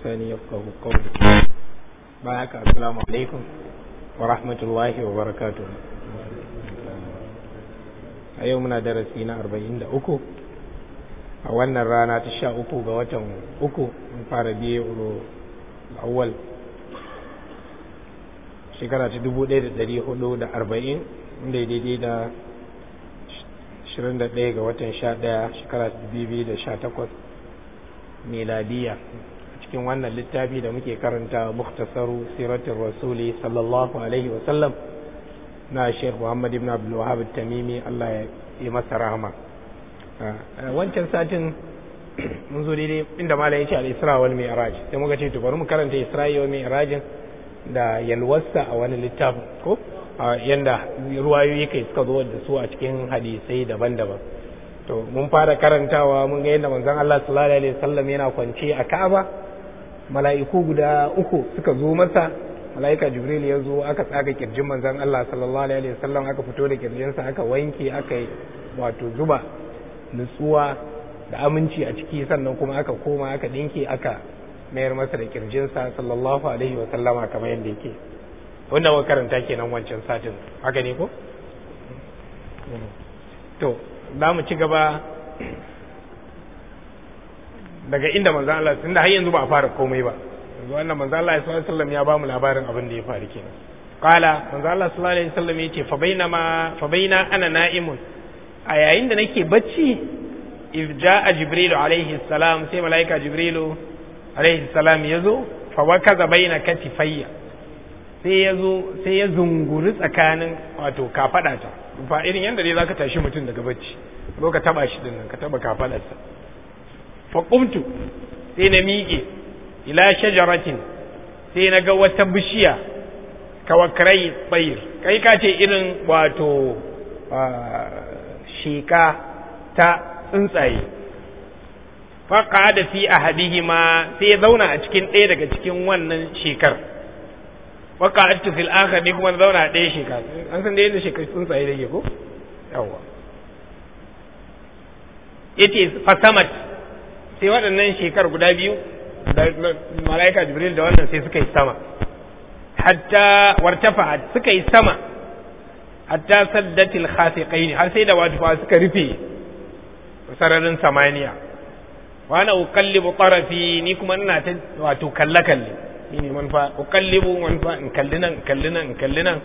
لساني يفقه قولي معك السلام عليكم ورحمة الله وبركاته أيومنا درسينا أربعين أكو a wannan rana ta sha uku ga watan uku in fara biye uro awal shekara ta dubu ɗaya da ɗari hudu da arba'in inda daidai da ashirin da ɗaya ga watan sha ɗaya shekara ta dubu biyu da sha takwas miladiya cikin wannan littafi da muke karanta muhtasaru siratul rasuli sallallahu alaihi wa sallam na Sheikh Muhammad ibn Abdul Wahhab tamimi Allah ya yi masa rahama ah, eh, wancan satin mun zo daidai inda malam yake al-Isra wal Mi'raj sai muka ce to bari mu karanta Isra wal Mi'raj da yalwasa a wani littafi ko ah, yanda ruwayoyi kai suka zo da su a cikin hadisai daban-daban to mun fara karantawa mun ga yadda manzon Allah sallallahu alaihi wasallam yana kwance a Ka'aba mala'iku guda uku suka zo masa mala'ika jibril ya zo aka tsaga kirjin manzon Allah sallallahu alaihi wasallam aka fito da kirjin sa aka wanke aka yi wato zuba nutsuwa da aminci a ciki sannan kuma aka koma aka dinke aka mayar masa da kirjinsa sallallahu alaihi wasallama kamar yadda yake wannan wa karanta kenan wancan satin haka ne ko to za mu ci gaba daga inda manzo Allah tunda har yanzu ba a fara komai ba yanzu wannan manzo Allah sallallahu alaihi wasallam ya ba mu labarin abin da ya faru kenan qala manzo Allah sallallahu alaihi wasallam yace fa bainama fa baina ana na'imun a yayin da nake bacci iz jaa jibril alaihi salam sai malaika jibril alaihi salam yazo fa wakaza baina katifayya sai ya zo sai ya zunguri tsakanin wato kafada ta ba irin yanda dai zaka tashi mutum daga bacci zo ka taba shi dinnan ka taba kafadarsa faƙumtu sai na miƙe ila shajaratin sai na ga wata bishiya kawakarai bayir kai ka ce irin wato sheka ta tsuntsaye faƙa da fi a ma sai ya zauna a cikin ɗaya daga cikin wannan shekar faƙa a tufil aka ne kuma zauna a ɗaya shekar an san da yadda shekar tsuntsaye da ke ko yawwa yace fasamat sai waɗannan shekar guda biyu da mala'ika jibril da wannan sai suka yi sama hatta wartafa suka yi sama hatta saddatil khasiqaini har sai da wadufa suka rufe sararin samaniya wa ana uqallibu tarafi ni kuma ina ta wato kalle kalle ni ne manfa uqallibu manfa in kalli nan kalli nan kalli nan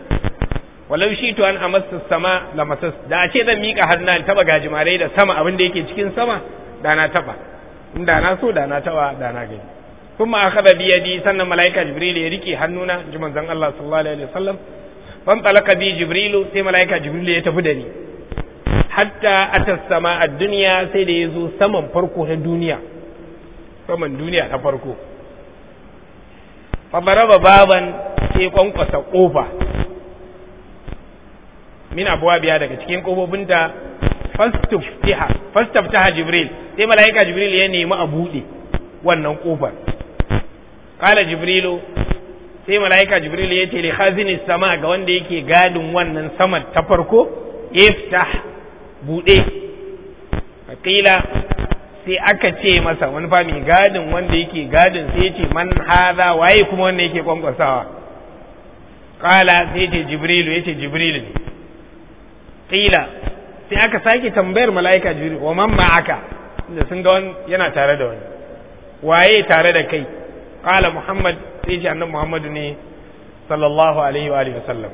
walau shi to an amassa sama lamasas da a ce zan mika hannu in taba gajimare da sama abin da yake cikin sama da na taba inda na so da na tawa da na gani kuma akhadha bi yadi sannan malaika jibril ya rike hannuna ji manzon Allah sallallahu alaihi wasallam ban talaka bi jibril sai malaika jibril ya tafi da ni hatta atas sama ad-dunya sai da yazo saman farko na duniya saman duniya na farko fa baraba baban sai kwankwasa kofa min abuwa biya daga cikin kofofin ta fastaftaha fastaftaha jibril sai mala'ika jibril ya nemi a buɗe wannan kofar kala jibrilu sai mala'ika jibril ya tele li sama ga wanda yake gadin wannan saman ta farko iftah buɗe qila sai aka ce masa wani fami mai gadin wanda yake gadin sai ce man hadha waye kuma wanda yake kwankwasawa kala sai ce jibrilu yace jibrilu ne sai aka sake tambayar mala'ika jibril wa man ma'aka da sun ga wani yana tare da wani waye tare da kai kala muhammad sai shi annabi muhammadu ne sallallahu alaihi wa alihi wasallam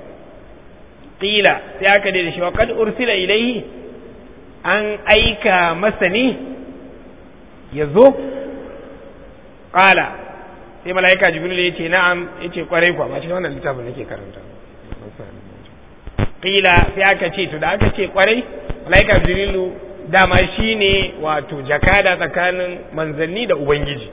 qila sai aka da shi wa kad ursila ilayhi an aika masa ne ya zo sai mala'ika jibril ya ce na'am yace ce kwarai kwa ba shi wannan littafin nake karanta qila sai aka ce to da aka ce kwarai mala'ika jibril dama shi ne wato jakada tsakanin manzanni da ubangiji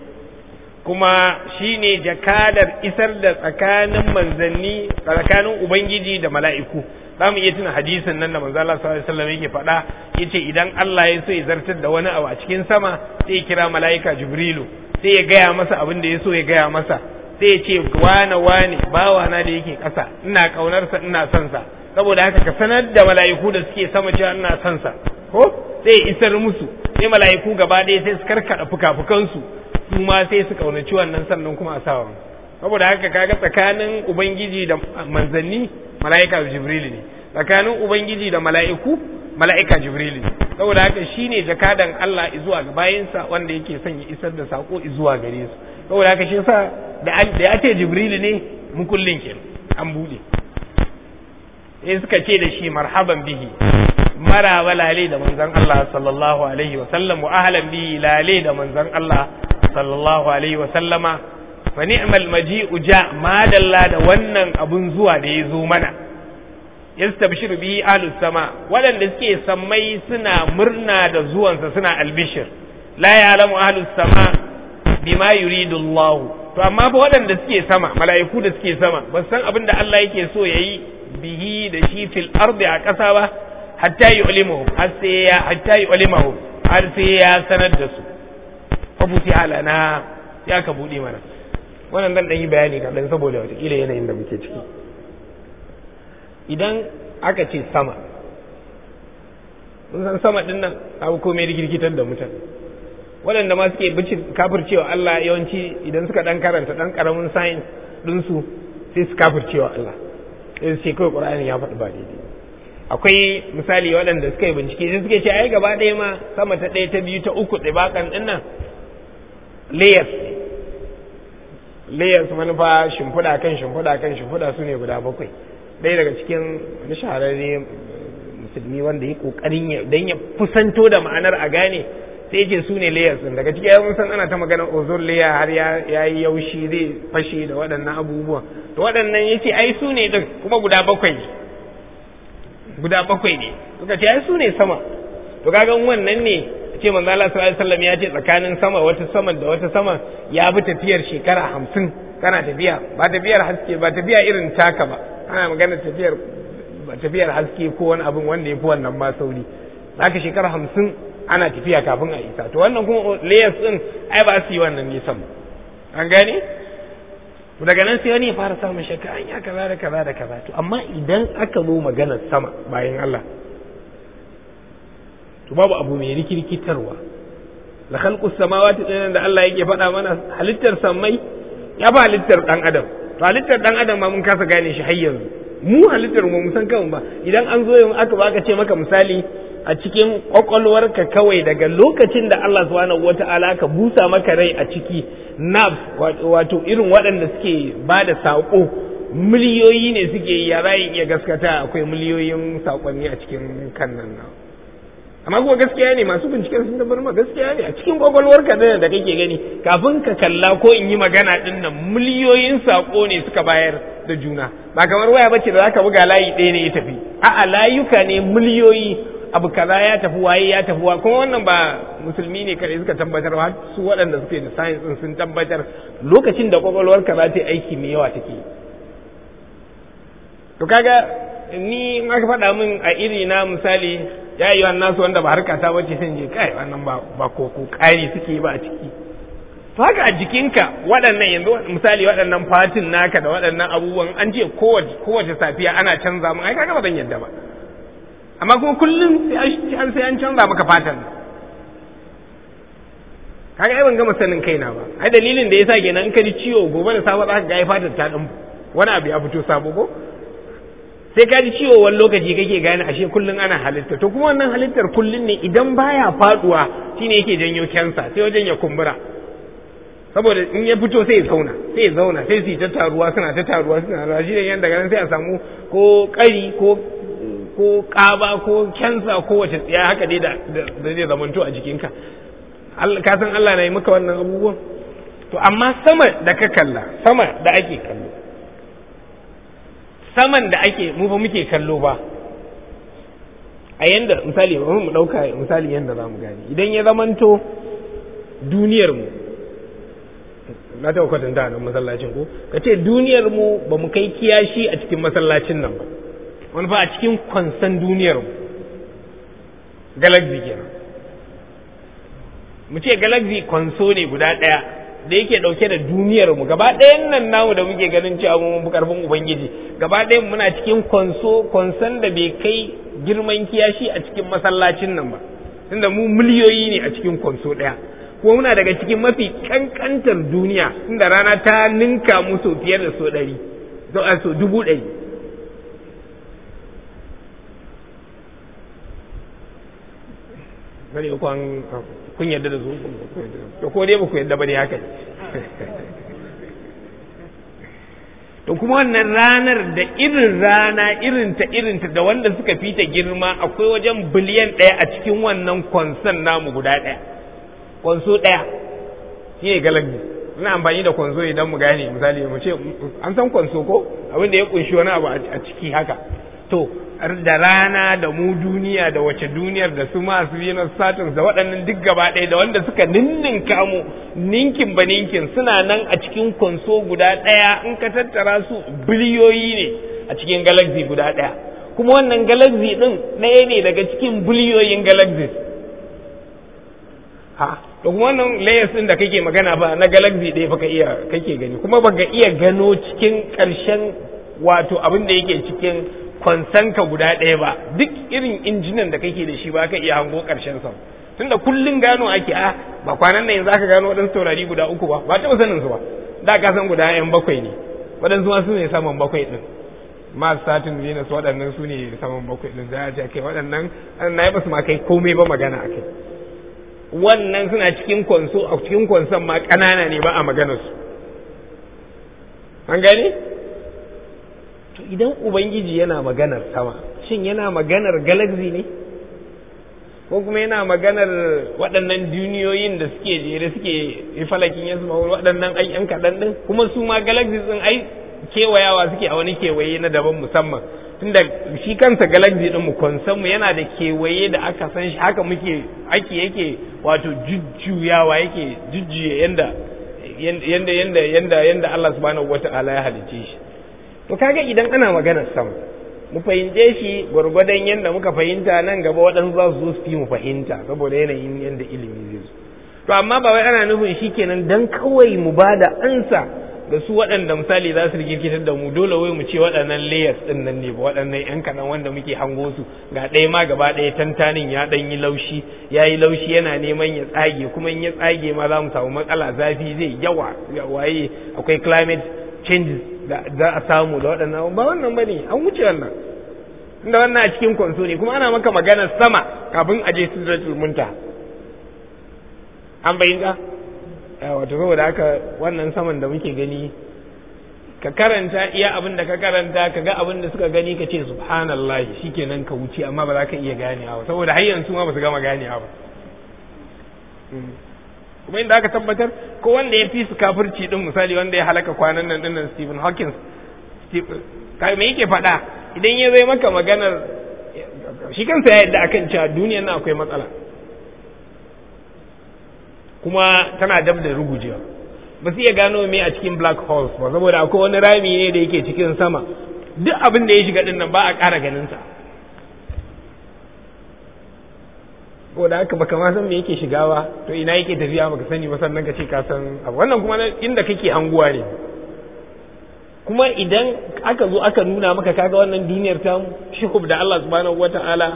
kuma shi ne jakadar isar da tsakanin manzanni tsakanin ubangiji da mala'iku za mu iya tuna hadisin nan da manzala sallallahu alaihi wasallam yake faɗa yace idan Allah ya so ya zartar da wani abu a cikin sama sai ya kira mala'ika Jibrilu sai ya gaya masa abin da ya so ya gaya masa sai ya ce wane wane bawana da yake ƙasa ina ƙaunarsa ina sonsa saboda haka ka sanar da mala'iku da suke sama cewa ina sonsa. ko sai isar musu sai mala'iku gaba ɗaya sai su karkada fuka-fukansu su ma sai su kaunaci wannan sannan kuma a sawa saboda haka kaga tsakanin ubangiji da manzanni mala'ika jibril ne tsakanin ubangiji da mala'iku mala'ika jibril ne saboda haka shine jakadan Allah zuwa ga bayinsa wanda yake sanya isar da sako zuwa gare su saboda haka shi yasa da ya ce jibril ne kullin kenan an bude sai suka ce da shi marhaban bihi maraba lale da manzon Allah sallallahu alaihi wa sallam wa ahlan bi lale da manzon Allah sallallahu alaihi wa sallama fa ni'mal maji'u ja madalla da wannan abun zuwa da ya zo mana yastabshir bi ahlus sama waɗanda suke sammai suna murna da zuwansa suna albishir la ya'lamu ahlus sama bima yuridu Allah to amma ba waɗanda suke sama mala'iku da suke sama ba san abin da Allah yake so yayi bihi da shi fil ardi a ƙasa ba hatta yu'limuhum har sai ya hatta har sai ya sanar da su fa buti alana ya ka bude mana wannan dan dan yi bayani dan saboda watakila yanayin da muke ciki idan aka ce sama mun san sama din nan abu mai rigirgitar da mutan waɗanda ma suke bicin kafircewa Allah yawanci idan suka dan karanta dan karamin sayin ɗinsu sai su kafircewa Allah sai su ce kawai ƙur'ani ya faɗi ba daidai akwai misali waɗanda suka yi bincike sai suke ce ai gaba ɗaya ma sama ta ɗaya ta biyu ta uku tsibakan ɗin nan layers layers manufa shimfiɗa kan shimfiɗa kan shimfiɗa su ne guda bakwai ɗaya daga cikin wani shahararre musulmi wanda ya ƙoƙarin ya don ya kusanto da ma'anar a gane sai ce su ne layers ɗin daga cikin yawon san ana ta magana ozon layer har ya yi yaushi zai fashe da waɗannan abubuwan to waɗannan ya ce ai su ne ɗin kuma guda bakwai guda bakwai ne suka ce ai su ne sama to kaga wannan ne ce manzo Allah sallallahu alaihi wasallam ya ce tsakanin sama wata sama da wata sama ya bi tafiyar shekara hamsin kana tafiya ba tafiyar haske ba tafiya irin taka ba ana magana tafiyar ba tafiyar haske ko wani abin wanda ya fi wannan ma sauri zaka shekara hamsin ana tafiya kafin a isa to wannan kuma layers din ai ba su yi wannan nisan an gane to daga nan sai wani ya fara samun shakka an ya kaza da kaza da kaza to amma idan aka zo maganar sama bayan Allah to babu abu mai rikirkitarwa la khalqu samawati dinan da Allah yake faɗa mana halittar samai ya ba halittar dan adam to halittar dan adam ma mun kasa gane shi har yanzu mu halittar mu san kawai ba idan an zo yin aka ba ce maka misali a cikin kwakwalwarka kawai daga lokacin da Allah subhanahu wata'ala ka busa maka rai a ciki nabs wato irin waɗanda suke ba da saƙo miliyoyi ne suke ya za iya gaskata akwai miliyoyin saƙonni a cikin kan nan amma kuma gaskiya ne masu binciken sun tabbar ma gaskiya ne a cikin kwakwalwar ka da kake gani kafin ka kalla ko in yi magana din nan miliyoyin saƙo ne suka bayar da juna ba kamar waya bace da zaka buga layi ɗaya ne ya tafi a'a layuka ne miliyoyi abu kaza ya tafi waye ya tafi wa kuma wannan ba musulmi ne kare suka tabbatar ba su waɗanda suke da science sun tabbatar lokacin da kwakwalwar ka za ta yi aiki mai yawa take to kaga ni in aka faɗa min a iri na misali ya yi wannan su wanda ba harka ta bace sun je kai wannan ba ba ko ko kare suke ba a ciki to haka a jikinka waɗannan yanzu misali waɗannan fatin naka da waɗannan abubuwan an ce kowace kowace safiya ana canza mun ai kaga ba zan yadda ba amma kuma kullum sai an canza maka fatan kaga ai ban gama sanin kaina ba ai dalilin da yasa kenan in ka ji ciwo gobe da safe za ka ga fatan ta dan wani abu ya fito sabo ko sai ka ji ciwo wani lokaci kake gane ashe kullun ana halitta to kuma wannan halittar kullun ne idan baya faduwa shine yake janyo kansa sai wajen ya kumbura saboda in ya fito sai ya zauna sai ya zauna sai su yi tattaruwa suna tattaruwa suna rashidan yadda ganin sai a samu ko kari ko ko ƙaba ko kyansa ko wace tsiya haka dai da zai zamanto a jikinka ka san Allah na yi maka wannan abubuwan to amma sama da ka kalla sama da ake kallo saman da ake mu fa muke kallo ba a yanda misali mu ɗauka misali yanda za mu gani idan ya zamanto duniyar mu na ta kwatanta a nan masallacin ko ka ce duniyar mu ba mu kai kiyashi a cikin masallacin nan ba wani ba a cikin kwansan duniyar galaxy kenan mu ce galaxy kwanso ne guda ɗaya da yake ɗauke da duniyar mu gaba ɗayan nan namu da muke ganin cewa mun bu karfin ubangiji gaba ɗaya muna cikin kwanso kwansan da bai kai girman kiyashi a cikin masallacin nan ba tunda mu miliyoyi ne a cikin kwanso ɗaya kuma muna daga cikin mafi kankantar duniya inda rana ta ninka mu sau fiye da so ɗari so dubu ɗari sani ko an kun yarda da su to ko dai ba ku yarda ba ne haka to kuma wannan ranar da irin rana irin ta irin ta da wanda suka fi ta girma akwai wajen biliyan ɗaya a cikin wannan konson namu guda ɗaya konso ɗaya shi ne galabi ina amfani da konso idan mu gane misali mu ce an san konso ko abin da ya kunshi wani abu a ciki haka to da rana da mu duniya da wace duniyar da su masu yanar satin da waɗannan duk gaba ɗaya da wanda suka ninnin kamo ninkin ba ninkin suna nan a cikin konso guda ɗaya in ka tattara su biliyoyi ne a cikin galaxy guda ɗaya kuma wannan galaxy ɗin ɗaya ne daga cikin biliyoyin galaxies ha to kuma wannan layers ɗin da kake magana ba na galaxy ɗaya baka iya kake gani kuma baka iya gano cikin karshen wato abin da yake cikin ka guda ɗaya ba duk irin injinan da kake da shi ba ka iya hango ƙarshen sa tunda kullun gano ake a ah, ba kwanan nan yanzu aka gano waɗansu taurari guda uku ba ba taɓa sanin su ba da ka san guda ɗayan bakwai ne waɗansu ma su ne saman bakwai ɗin masu satin venus waɗannan su ne saman bakwai ɗin za a ce kai waɗannan na yi basu ma kai komai ba magana a kai wannan suna cikin kwanso a cikin kwanson ma ƙanana ne ba a maganar su an gani to idan ubangiji yana maganar sama shin yana maganar galaxy ne ko kuma yana maganar waɗannan duniyoyin da suke jere suke falakin yanzu waɗannan ai yan kaɗan ɗin kuma su ma galaxy ɗin ai kewayawa suke a wani kewaye na daban musamman tunda shi kansa galaxy ɗin mu konsan mu yana da kewaye da aka san shi haka muke ake yake wato jujjuyawa yake jujjuya yanda yanda yanda yanda yanda Allah subhanahu wata'ala ya halicce shi to kaga idan ana maganar sama mu fahimce shi gwargwadon yadda muka fahimta nan gaba waɗansu za su zo su fi mu fahimta saboda yanayin yadda ilimi zai zo to amma ba wai ana nufin shi kenan dan kawai mu ba da ansa ga su waɗanda misali za su rikirkitar da mu dole wai mu ce waɗannan layers ɗin nan ne ba waɗannan yan kaɗan wanda muke hango su ga ɗaya ma gaba ɗaya tantanin ya ɗan yi laushi ya yi laushi yana neman ya tsage kuma in ya tsage ma za mu samu matsala zafi zai yawa waye akwai climate changes da za a samu da waɗannan ba wannan ba ne an wuce wannan inda wannan a cikin kwanso ne kuma ana maka maganar sama kafin a je sidratul muntaha an bayyana wato saboda haka wannan saman da muke gani ka karanta iya abin da ka karanta ka ga abin da suka gani ka ce subhanallah shikenan ka wuce amma ba za ka iya ganewa awa saboda har yanzu ma ba su gama ganewa ba hmm. kuma inda aka tabbatar ko wanda ya fi su kafirci din misali wanda ya halaka kwanan nan dinnan Stephen Hawking kai me yake faɗa idan ya zai maka maganar shi kansa ya yadda akan cewa duniya na akwai matsala kuma tana dab da rugujewa ba su iya gano me a cikin black holes ba saboda akwai wani rami ne da yake cikin sama duk abin da ya shiga din ba a ƙara ganin sa ko da haka baka ma san me yake shiga ba to ina yake tafiya baka sani ba sannan ka ce ka san abu wannan kuma inda kake anguwa ne kuma idan aka zo aka nuna maka kaga wannan duniyar ta shukub da Allah subhanahu wataala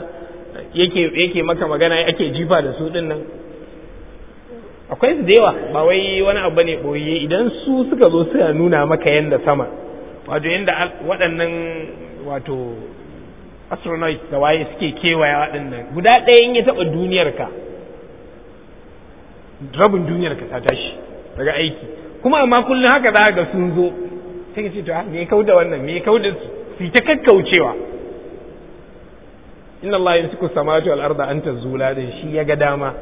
yake yake maka magana yake jifa da su din nan akwai su da ba wai wani abu ne boye idan su suka zo suka nuna maka yanda sama wato yanda waɗannan wato Astronauts da waye suke kewaya waɗannan guda ɗaya in ya taɓa duniyarka rabin duniyarka ta tashi daga aiki kuma amma kullum haka za ga sun zo sai ka ce to me kau da wannan me kau da su ta kakkaucewa inna Allah yamsiku samawati wal arda an zula da shi ya ga dama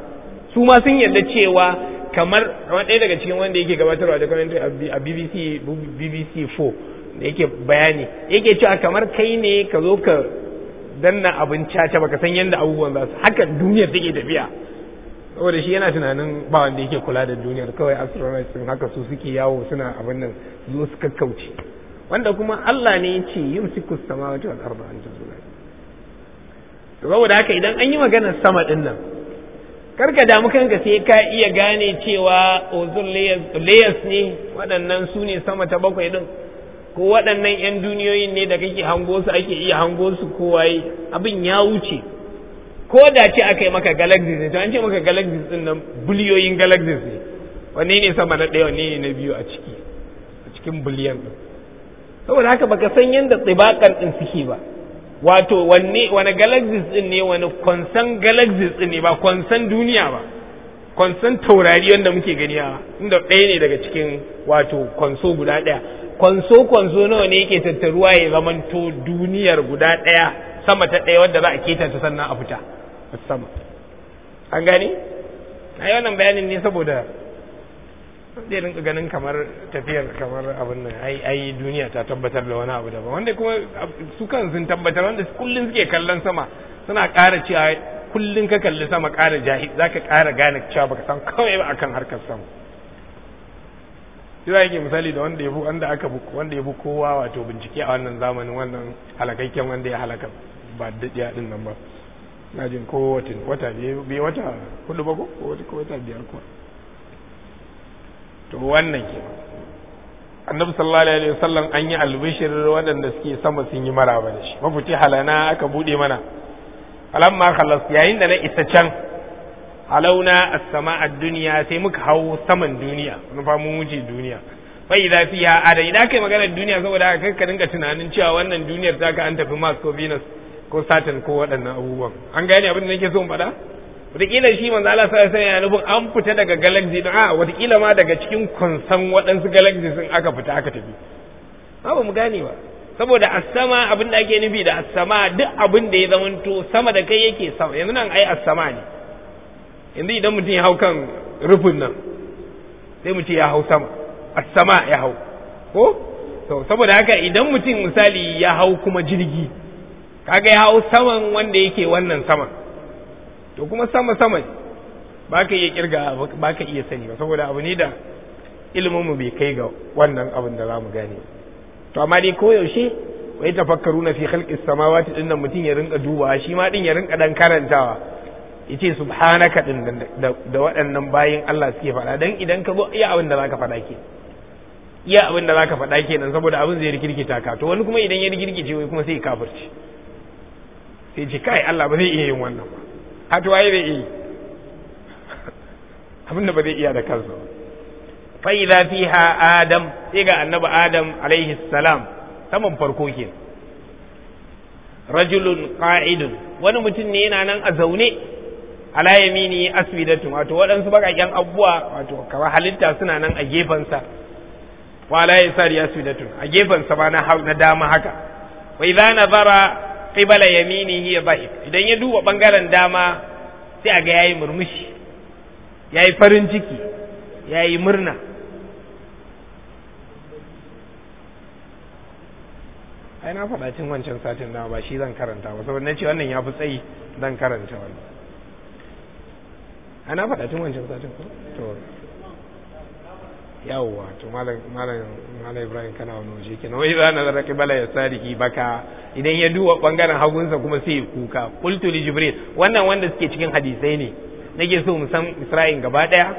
su ma sun yarda cewa kamar kamar ɗaya daga cikin wanda yake gabatarwa da kwamitin a BBC BBC 4 da yake bayani yake cewa kamar kai ne ka zo ka danna abin caca baka san yadda abubuwan za su haka duniyar take tafiya saboda shi yana tunanin ba wanda yake kula da duniyar kawai astronomers din haka su suke yawo suna abin nan zo su kakkauce wanda kuma Allah ne ya ce yumsiku samawati wal arda an tazula to saboda haka idan an yi maganar sama din nan karka damu kanka sai ka iya gane cewa ozul layers ne waɗannan su ne sama ta bakwai din ko waɗannan 'yan duniyoyin ne da kake hango su ake iya hango su kowaye abin ya wuce ko da ce aka yi maka galaxies ne to an ce maka galaxies din nan biliyoyin galaxies ne wanne ne sama na ɗaya wanne ne na biyu a ciki a cikin biliyan din saboda haka baka san yadda tsibakan din suke ba wato wanne wani galaxies din ne wani konsan galaxies din ne ba konsan duniya ba konsan taurari wanda muke gani a inda ɗaya ne daga cikin wato konso guda ɗaya kwanso kwanso nawa ne yake tattaruwa ya zamanto duniyar guda ɗaya sama ta ɗaya wadda za a keta ta sannan a fita sama an gani a yi wannan bayanin ne saboda zai rinka ganin kamar tafiyar kamar abin nan ai duniya ta tabbatar da wani abu daban wanda kuma su kan sun tabbatar wanda kullum suke kallon sama suna ƙara cewa kullum ka kalli sama ƙara jahi zaka ƙara gane cewa baka san kawai ba akan harkar sama shi za yake misali da wanda ya bu wanda aka bu wanda ya bu kowa wato bincike a wannan zamanin wannan halakakken wanda ya halaka ba daɗiya ɗin nan ba na jin ko wata wata biyu wata hudu ba ko wata biyar ko to wannan ke annabi sallallahu alaihi wasallam an yi albishir waɗanda suke sama sun yi maraba da shi mafuti halana aka buɗe mana alamma khalas yayin da na isa can halauna a sama a duniya sai muka hau saman duniya mun fa mun wuce duniya fa idza a da idan kai maganar duniya saboda kai ka dinga tunanin cewa wannan duniyar ta ka an tafi Mars ko Venus ko Saturn ko waɗannan abubuwan an gane abin da nake so in faɗa wataƙila shi manzo Allah sai sai nufin an fita daga galaxy din a wataƙila ma daga cikin konsan waɗansu galaxy sun aka fita aka tafi ba mu gane ba saboda as-sama abin da ake nufi da as-sama duk abinda da ya zamanto sama da kai yake sama yanzu nan ai as-sama ne yanzu idan mutum ya hau kan rufin nan sai mu ce ya hau sama a sama ya hau ko to saboda haka idan mutum misali ya hau kuma jirgi kaga ya hau saman wanda yake wannan sama to kuma sama sama ba ka iya kirga ba ka iya sani ba saboda abu ne da ilimin mu bai kai ga wannan abin da zamu gane to amma dai koyaushe wai tafakkaru na fi khalqis samawati dinnan mutum ya rinka dubawa shi ma din ya rinka dan karantawa yace subhanaka din da waɗannan bayin Allah suke faɗa dan idan ka zo iya abin da zaka faɗa ke iya abin da zaka faɗa kenan saboda abin zai rikirkita ka to wani kuma idan ya rikirkice wai kuma sai kafirci sai ce kai Allah ba zai iya yin wannan ba a to waye bai iya abin da ba zai iya da kansa ba fa idza fiha adam sai ga annabi adam alaihi salam saman farko ke rajulun qa'idun wani mutum ne yana nan a zaune ala yamini aswidatun wato waɗansu baƙaƙen abubuwa wato kamar halitta suna nan a gefensa wa ala yasari aswidatun a gefensa ba na na dama haka wa idza nazara qibala yaminihi yadhik idan ya duba bangaren dama sai a ga yayi murmushi yayi farin ciki yayi murna ai na faɗa cin wancan satin na ba shi zan karanta ba saboda na ce wannan ya fi tsayi zan karanta wannan ana faɗa tun wancan satin ko to yawwa to malam malam ibrahim kana wani waje kenan wai za bala ya sariki baka idan ya duwa bangaren hagunsa kuma sai ya kuka qultu li jibril wannan wanda suke cikin hadisai ne nake so mu san isra'il gaba daya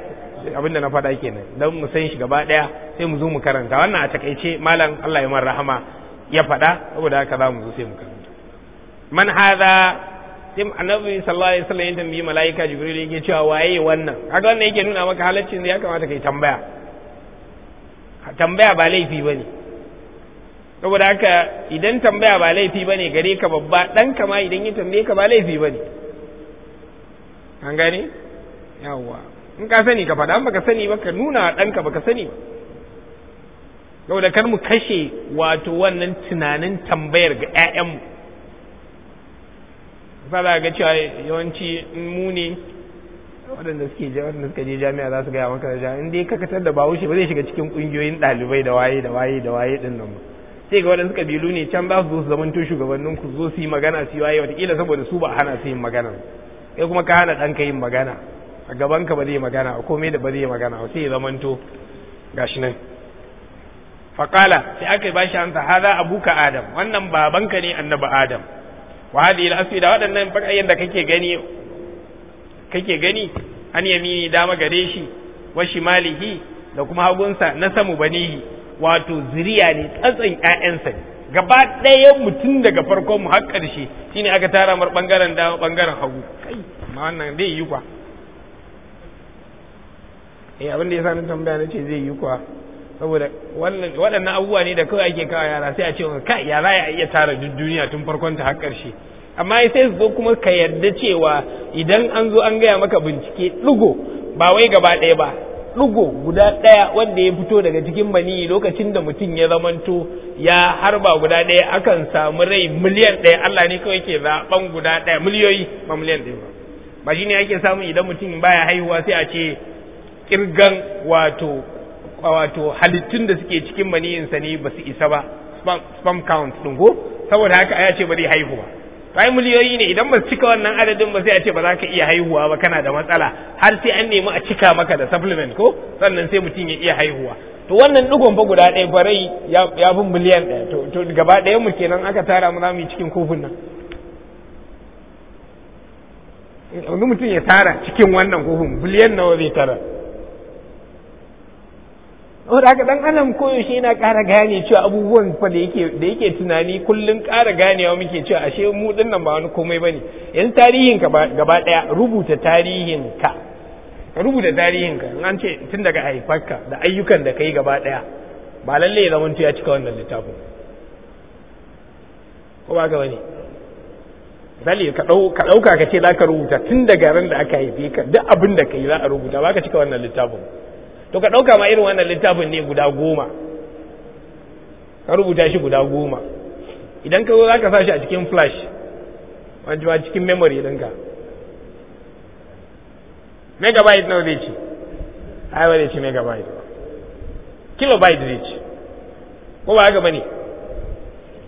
abinda na faɗa kenan dan mu san shi gaba daya sai mu zo mu karanta wannan a takaice malam Allah ya mar rahama ya faɗa saboda haka za mu zo sai mu karanta man hadha sim annabi sallallahu alaihi wasallam ya tambayi malaika jibril yake cewa waye wannan kaga wannan yake nuna maka halaccin da ya kamata kai tambaya tambaya ba laifi bane saboda haka idan tambaya ba laifi bane gare ka babba dan kama idan ya tambaye ka ba laifi bane an gane yawa in ka sani ka faɗa baka sani ba ka nuna ɗanka baka sani ba saboda kar mu kashe wato wannan tunanin tambayar ga 'ya'yanmu fara ga cewa yawanci mu ne waɗanda suke waɗanda suka je jami'a za su gaya maka da in dai kakatar da bahaushe ba zai shiga cikin ƙungiyoyin ɗalibai da waye da waye da waye ɗin nan ba sai ga waɗanda suka bilu ne can za su zo su zamanto shugabannin ku zo su yi magana su yi waye wataƙila saboda su ba hana su yin magana kai kuma ka hana ɗanka yin magana a gabanka ba zai magana a komai da ba zai magana a sai ya zamanto gashi nan faƙala sai aka yi bashi amsa hada abuka adam wannan babanka ne annabi adam wa hadhihi al da waɗannan fakayen da kake gani kake gani an yamini dama gare shi wa shimalihi da kuma hagunsa na samu banihi wato zuriya ne tsatsan ƴaƴansa gaba ɗayan mutum daga farkon mu har ƙarshe shine aka tara mar bangaren dama bangaren hagu kai ma wannan zai yi kwa eh abin da yasa na tambaya nace zai yi kwa saboda waɗannan abubuwa ne da kawai ake kawo yara sai a ce ka yara ya iya tara duk duniya tun farkon ta har ƙarshe amma sai su zo kuma ka yarda cewa idan an zo an gaya maka bincike ɗigo ba wai gaba ɗaya ba ɗigo guda ɗaya wanda ya fito daga cikin bani lokacin da mutum ya zamanto ya harba guda ɗaya akan samu rai miliyan ɗaya Allah ne kawai ke zaɓan guda ɗaya miliyoyi ba miliyan ɗaya ba ba ne ake samu idan mutum baya haihuwa sai a ce kirgan wato wato halittun da suke cikin maniyinsa ne ba su isa ba sperm count din ko saboda haka ya ce ba zai haihu ba ai miliyoyi ne idan ba su cika wannan adadin ba sai a ce ba za ka iya haihuwa ba kana da matsala har sai an nemi a cika maka da supplement ko sannan sai mutum ya iya haihuwa to wannan digon fa guda ɗaya rai ya fi miliyan ɗaya to gaba ɗaya mu kenan aka tara mu za mu yi cikin kofin nan wani mutum ya tara cikin wannan kofin biliyan nawa zai tara saboda haka dan adam koyaushe yana ƙara gane cewa abubuwan fa da yake da yake tunani kullun ƙara ganewa muke cewa ashe mu din nan ba wani komai bane yanzu tarihin ka gaba daya rubuta tarihin ka rubuta tarihin ka an ce tun daga haifarka da ayyukan da kai gaba daya ba lalle ya zamanto ya cika wannan littafin ko ba ga wani misali ka ɗauka ka ce za ka rubuta tun daga ran da aka haife ka duk abin da ka yi za a rubuta ba ka cika wannan littafin to ka ɗauka ma irin wannan littafin ne guda goma ka rubuta shi guda goma idan ka za ka sa shi a cikin flash wajen cikin memory ɗinka megabyte nawa zai ci ai ba zai ci megabyte kilobyte zai ci ko ba haka ba ne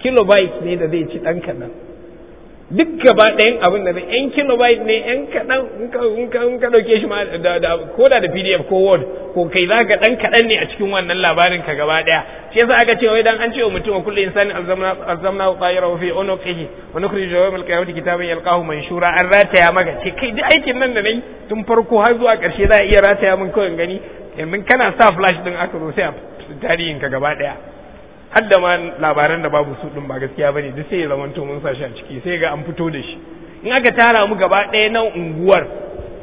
kilobyte ne da zai ci ɗan kaɗan duk gaba ɗayan abin da yan kilobyte ne yan kaɗan in ka ɗauke shi ma ko da da pdf ko word ko kai za ka ɗan kaɗan ne a cikin wannan labarin ka gaba ɗaya shi yasa aka ce wai dan an ce wa mutum wa kullum insani alzamna wa ta'ira wa fi unuqihi wa nukhriju yawm al-qiyamati kitaban yalqahu manshura an rataya maka ce kai duk aikin nan da nayi tun farko har zuwa ƙarshe za a iya rataya min kawai gani yanzu kana sa flash ɗin aka zo sai a tarihin ka gaba ɗaya hadda ma labaran da babu su din ba gaskiya bane duk sai ya to mun sashi a ciki sai ga an fito da shi in aka tara mu gaba ɗaya nan unguwar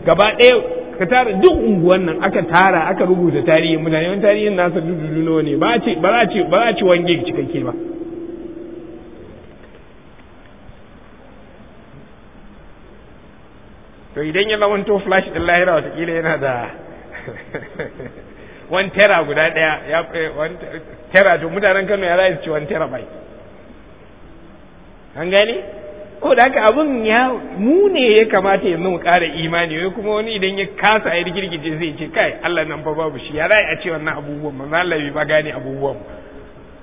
gaba ɗaya ka tara duk unguwar nan aka tara aka rubuta tarihi mutane wani tarihin nasa dudu nawa ne ba ce ba za ce ba za ce wange cikakke ba to idan ya to flash din lahira watakila yana da wani tera guda ɗaya ya tera to mutanen kano ya za su wani tera bai an gane ko da haka abin ya mune ya kamata yanzu mu ƙara imani wai kuma wani idan ya kasa ya girgije zai ce kai Allah nan fa babu shi ya za a ce wannan abubuwan ba Allah bai ba gane abubuwan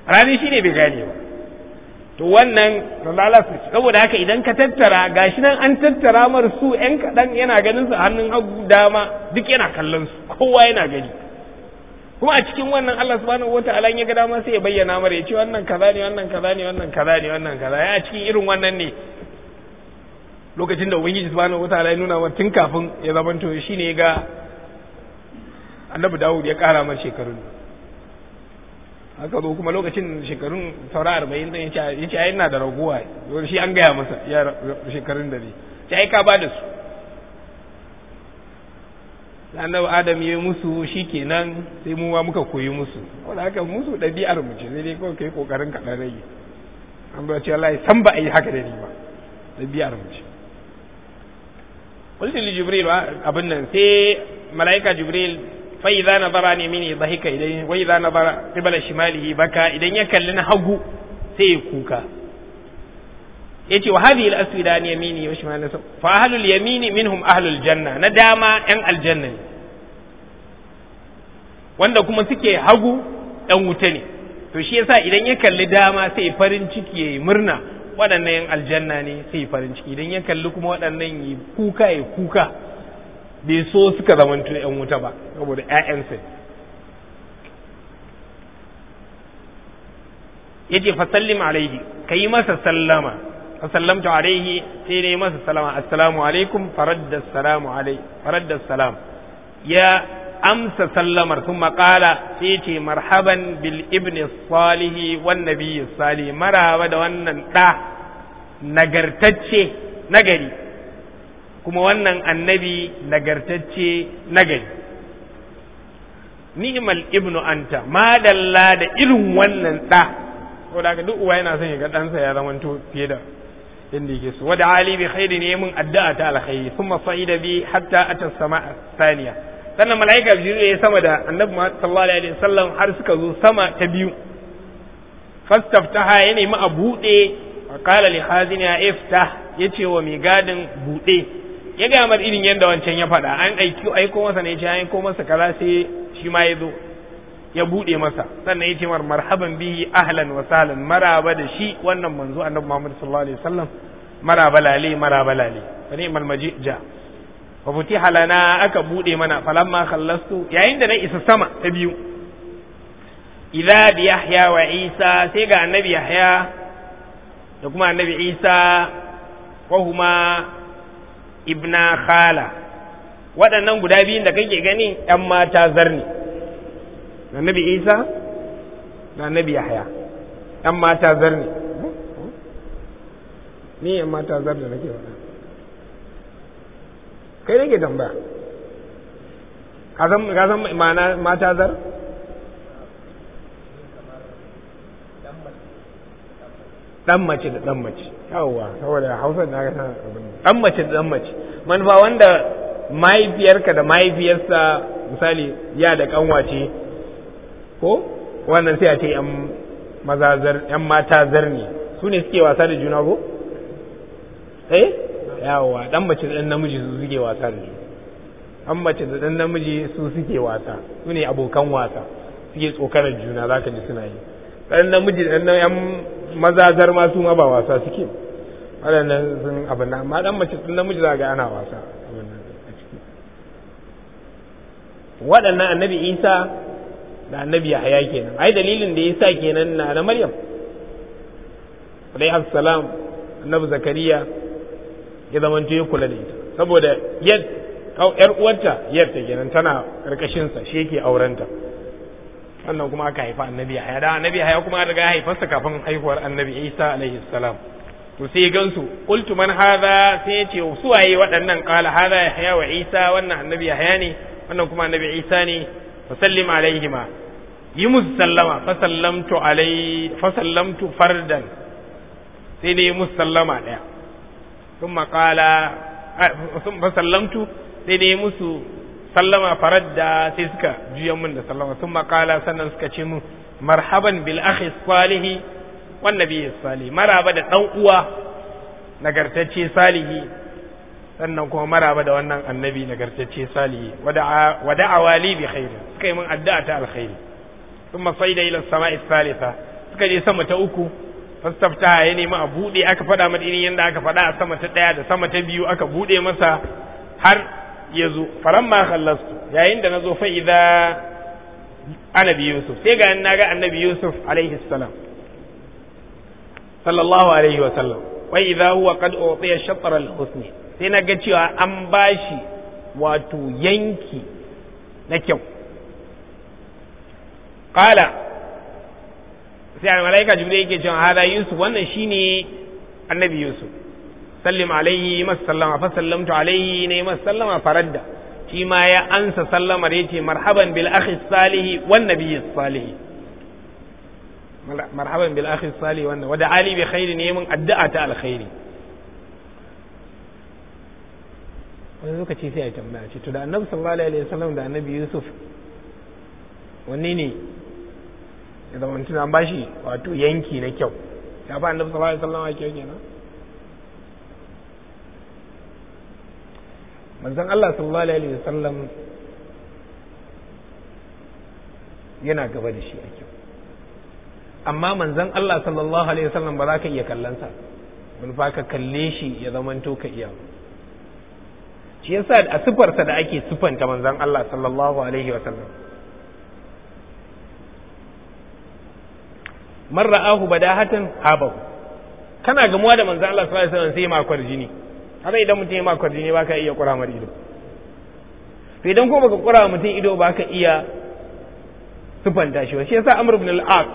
rani shine bai gane ba to wannan lalata saboda haka idan ka tattara gashi nan an tattara mar su yan kaɗan yana ganin su hannun hagu dama duk yana kallon su kowa yana gani kuma a cikin wannan Allah subhanahu wataala in ya ga dama sai ya bayyana mara ya ce wannan kaza ne wannan kaza ne wannan kaza ne wannan kaza ya cikin irin wannan ne lokacin da ubangiji subhanahu wataala ya nuna tun kafin ya zamanto ne ga annabi Dawud ya kara mar shekarun haka zo kuma lokacin shekarun saura arba'in ɗin ya ce yi ina da raguwa shi an gaya masa shekarun da ne ce ai ka ba da su da annabi adam ya musu shikenan sai mu ma muka koyi musu wanda haka musu ɗabi'ar mu ce sai dai kawai kai kokarin ka dan rage an ba ce Allah ya san ba a yi haka da ni ba ɗabi'ar mu ce qultu li jibril abin nan sai malaika jibril fa idza nazara ni mini dhahika idan wa idza nazara qibala shimalihi baka idan ya kalli na hagu sai ya kuka yace wa hadhihi al-aswida an yamini wa shimali fa ahlul yamini minhum ahlul janna na dama yan aljanna ne wanda kuma suke hagu yan wuta ne to shi yasa idan ya kalli dama sai farin ciki yayi murna waɗannan yan aljanna ne sai farin ciki idan ya kalli kuma waɗannan yi kuka ya kuka bai so suka zamanto yan wuta ba saboda ƴaƴansa yace fa sallim alayhi kai masa sallama fa sallamtu alaihi sai ne masa salama assalamu alaikum faradda salamu alai faradda salam ya amsa sallamar sun maƙala sai ce marhaban bil ibni salihi wan nabiyyi salih marhaba da wannan ɗa nagartacce nagari kuma wannan annabi nagartacce nagari ni'mal ibnu anta madalla da irin wannan ɗa saboda haka duk uwa yana son ga ɗansa ya zamanto fiye da inda yake so wada ali bi khairin yamin addu'a ta alkhairi thumma sa'ida bi hatta ata as-sama'a thaniya sannan malaika jibril ya sama da annabi Muhammad sallallahu alaihi wasallam har suka zo sama ta biyu fastaftaha ya nemi a buɗe a kala li hazina iftah yace wa mai gadin buɗe ya ga mar irin yanda wancan ya faɗa an aiki aiko masa ne ya aiko masa kaza sai shi ma ya zo ya bude masa sannan ya ce mar marhaban bihi ahlan wa sahlan maraba da shi wannan manzo annabi Muhammad sallallahu alaihi wasallam maraba lale maraba lale fa ni mal majija fa futiha lana aka bude mana falamma khallastu yayin da na isa sama ta biyu idza bi yahya wa isa sai ga annabi yahya da kuma annabi isa wa huma ibna khala waɗannan guda biyun da kake gani ƴan mata zarni Na nabi isa na nabi yahya ɗan mata zar ne ni yan mata zar da nake faɗa kai nake tambaya ka san ma'ana mata zar ɗan mace da ɗan mace yawwa saboda hausa na ga san abin ɗan mace da ɗan mace manufa wanda mahaifiyarka da mahaifiyarsa misali ya da kanwace ko wannan sai a ce yan maza zar mata zarni su ne suke wasa da juna ko eh yawa dan mace da dan namiji su suke wasa da juna an mace da dan namiji su suke wasa su ne abokan wasa suke tsokarar juna ka ji suna yi dan namiji da dan yan mazazar ma su ma ba wasa suke waɗannan sun abin nan amma dan mace dan namiji za ga ana wasa waɗannan annabi isa da annabi Yahaya kenan ai dalilin da yasa kenan na na Maryam alayhi assalam annabi Zakariya ya zamanto ya kula da ita saboda yad yar uwarta yad ta kenan tana karkashin sa shi yake aurenta Wannan kuma aka haifa annabi Yahaya da annabi Yahaya kuma ya haifar sa kafin haihuwar annabi Isa alayhi assalam to sai gansu qultu man hadha sai yace su waye waɗannan qala hadha yahya wa isa wannan annabi haya ne wannan kuma annabi isa ne fa sallim alaihima yi musu sallama fasallamtu alai fasallamtu fardan sai dai musu sallama ɗaya sun maƙala sun fasallamtu sai dai musu sallama faradda sai suka juyan mun da sallama sun maƙala sannan suka ce mun marhaban bil akhi salihi wan nabiyyi mara maraba da dan uwa nagartacce salihi sannan kuma maraba da wannan annabi nagartacce salihi wada'a wada'a wali bi khair kai mun addu'a ta alkhairi thumma sayda ila samai thalitha suka je sama ta uku fastafta ya nemi a bude aka faɗa mata irin yadda aka faɗa a sama ta ɗaya da sama ta biyu aka bude masa har ya zo falamma khallastu yayin da nazo fa idza annabi yusuf sai ga na ga annabi yusuf alaihi salam sallallahu alaihi wa sallam wa idza huwa qad utiya shatr al husni sai na ga cewa an bashi wato yanki na kyau qala sai malaika jibril yake cewa hada yusuf wannan shine annabi yusuf sallim alaihi masallama fa sallamtu alaihi ne masallama faradda shi ma ya ansa sallamar yace marhaban bil akhi salihi wan nabiyyi salihi marhaban bil akhi salihi wannan wada ali bi khairi ne mun addu'a ta alkhairi wani lokaci sai a tambaya ce to da annabi sallallahu alaihi wasallam da annabi yusuf wanne ne ya zama mutum an bashi wato yanki na kyau ya ba annabi sallallahu alaihi wasallam kyau kenan manzon Allah sallallahu alaihi wasallam yana gaba da shi a kyau amma manzon Allah sallallahu alaihi wasallam ba za ka iya kallon sa wani fa ka kalle shi ya zama to ka iya shi yasa a sifarsa da ake sifanta manzon Allah sallallahu alaihi wasallam man ra'ahu badahatan habahu kana gamuwa da manzo Allah sallallahu alaihi wasallam sai makwar jini haka idan mutum ya makwar jini baka iya kura mar ido to idan ko baka kura mutum ido baka iya sufanta shi shi yasa Amr ibn al aq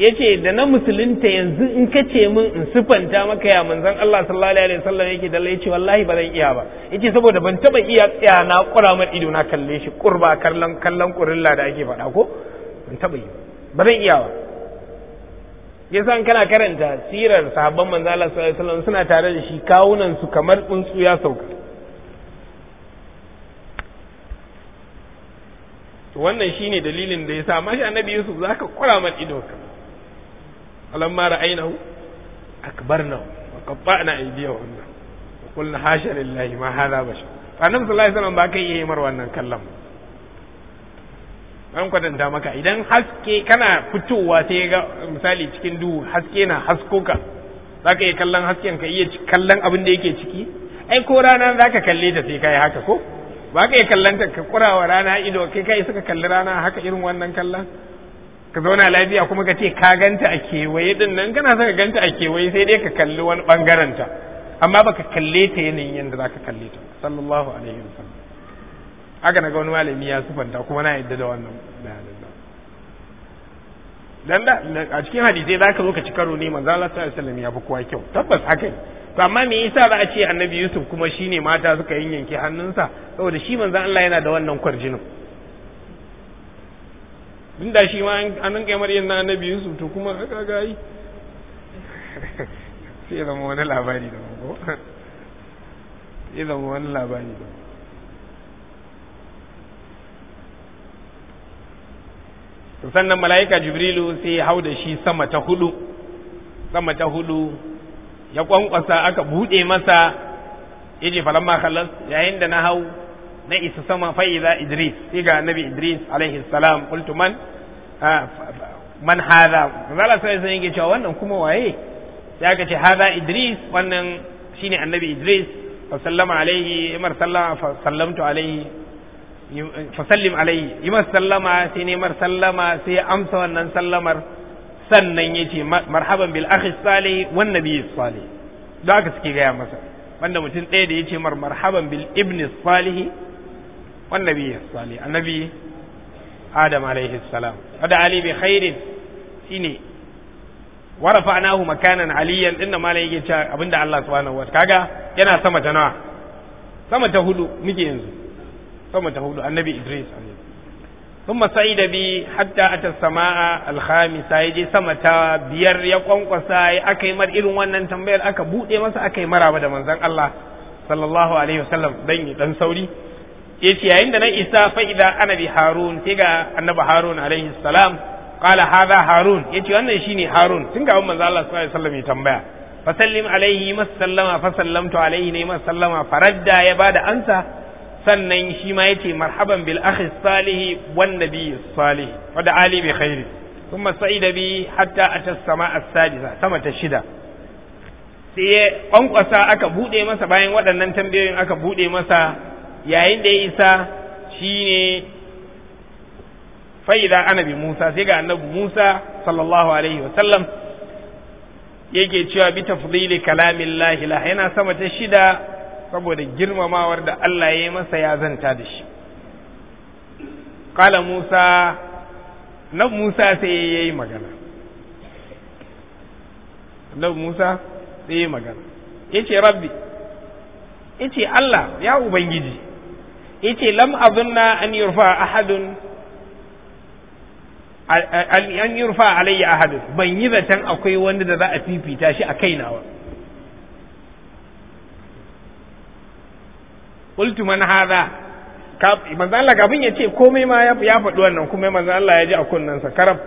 yace da na musulunta yanzu in ka ce min in sufanta maka ya manzon Allah sallallahu alaihi wasallam yake dalla yace wallahi ba zan iya ba yace saboda ban taba iya tsaya na kura mar ido na kalle shi kurba kallon kallon kurilla da ake faɗa ko ban taba yi ba zan iya ba ya san kana karanta sirar sahabban manzo Allah sallallahu alaihi wasallam suna tare da shi kawunan su kamar tsuntsu ya sauka to wannan shine dalilin da yasa mashi annabi Yusuf zaka kura mal ido ka alamma ra'aynahu akbarna wa qatta'na aydiyahum wa qulna hasha lillahi ma hadha bashar annabi sallallahu alaihi wasallam ba kai yayi mar wannan kallon an kwatanta maka idan haske kana fitowa sai ga misali cikin duhu haske na hasko ka zaka iya kallon hasken ka iya kallon abin da yake ciki ai ko rana zaka kalle ta sai kai haka ko ba ka iya kallon ta ka kurawa rana ido kai kai suka kalli rana haka irin wannan kallon ka zauna lafiya kuma ka ce ka ganta a kewaye din nan kana ka ganta a kewaye sai dai ka kalli wani bangaren ta amma baka kalle ta yanayin yadda zaka kalle ta sallallahu alaihi wasallam Aka na ga wani malami ya sufanta kuma na yadda da wannan bayanin dan da a cikin hadisi za ka zo ka ci karo ne manzo Allah sallallahu alaihi wasallam ya fi kowa kyau tabbas haka ne to amma me yasa za a ce annabi Yusuf kuma shine mata suka yanyanke hannunsa saboda shi manzo Allah yana da wannan kwarjinin din da shi ma an rinka Maryam na annabi Yusuf to kuma aka ga yi sai mu wani labari da ko sai mu wani labari da sannan mala'ika jibrilu sai ya hau da shi sama ta hudu sama ta hudu ya kwankwasa aka buɗe masa ya ce falamma khalas yayin da na hau na isa sama fa'iza idris sai ga annabi idris alaihi salam qultu man ah, man hadha zalla sai sai yake cewa wannan kuma waye sai aka ce hadha idris wannan shine annabi idris fa sallama alaihi imar sallama fa sallamtu alaihi fasallim alayhi yi masa sallama sai nemar sallama sai amsa wannan sallamar sannan ya ce marhaban bil akhi salih wan nabi salih da aka suke gaya masa wanda mutum ɗaya da ya ce mar marhaban bil ibn salih wan nabi salih annabi adam alayhi salam wada ali bi khairin shine warafa'nahu makanan aliyan dinna malai yake cewa abinda Allah subhanahu wa ta'ala kaga yana sama ta nawa sama ta hudu muke yanzu sama ta hudu annabi idris ثم سعيد بي حتى أتى السماء الخامسة يجي سمتا بير يقوم قصاي أكي مر إلو ونن تنبير أكا بوتي مسا أكي مرا بدا منزان الله صلى الله عليه وسلم دني دن سوري يتي عندنا إسا فإذا أنا بهارون تيغا أنبا هارون عليه السلام قال هذا هارون يتي أنا شيني هارون تنقى أم الله صلى الله عليه وسلم يتنبير فسلم عليه ما سلم فسلمت عليه ما سلم فرد يباد أنسى sannan shi ma yace marhaban bil akhi salihi wan nabi salih wa da ali bi khairi thumma sa'ida bi hatta a samaa as-sadisa sama ta shida sai ya kwankwasa aka bude masa bayan waɗannan tambayoyin aka bude masa yayin da ya isa shine fa'ida annabi Musa sai ga annabi Musa sallallahu alaihi wa sallam yake cewa bi tafdili kalamillahi la yana sama ta shida saboda girmamawar da Allah ya yi masa ya zanta da shi kala Musa nan Musa sai ya yi magana nan Musa sai ya yi magana ya ce rabbi ya ce Allah ya Ubangiji ya ce lam azunna an yurfa ahadun an yurfa alayya ahadun ban yi zaton akwai wanda da za a fifita shi a kainawa qultu man hadha manzo Allah kafin ya ce komai ma ya faɗi wannan kuma manzo Allah ya ji a kunnensa karab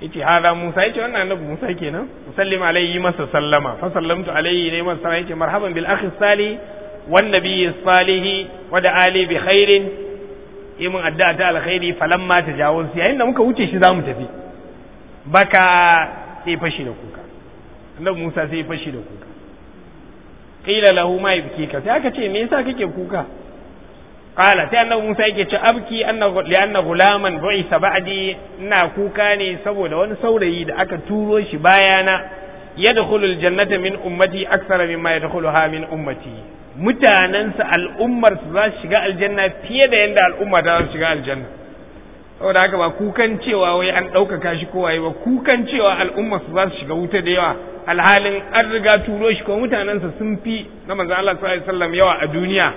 yace hada Musa yace wannan annabi Musa kenan musallim alayhi masa sallama fa sallamtu alayhi ne masa yace marhaban bil akhi salih wan nabiyyi salih wa da ali bi khairin yi mun addu'a ta alkhairi falamma tajawuz yayin da muka wuce shi zamu tafi baka sai fashi da kuka annabi Musa sai fashi da kuka qila lahu ma ka sai aka ce me yasa kake kuka qala sai annabi Musa yake ce abki annahu li anna gulaman bu'isa ba'di ina kuka ne saboda wani saurayi da aka turo shi bayana yadkhulul jannata min ummati aksara mimma yadkhuluha min ummati mutanansa al'ummar su za su shiga aljanna fiye da yadda al'umma ta shiga aljanna saboda haka ba kukan cewa wai an ɗaukaka shi waye ba kukan cewa al'umma su za su shiga wuta da yawa alhalin an riga turo shi ko mutanensa sun fi na manzan Allah sallallahu alaihi wasallam yawa a duniya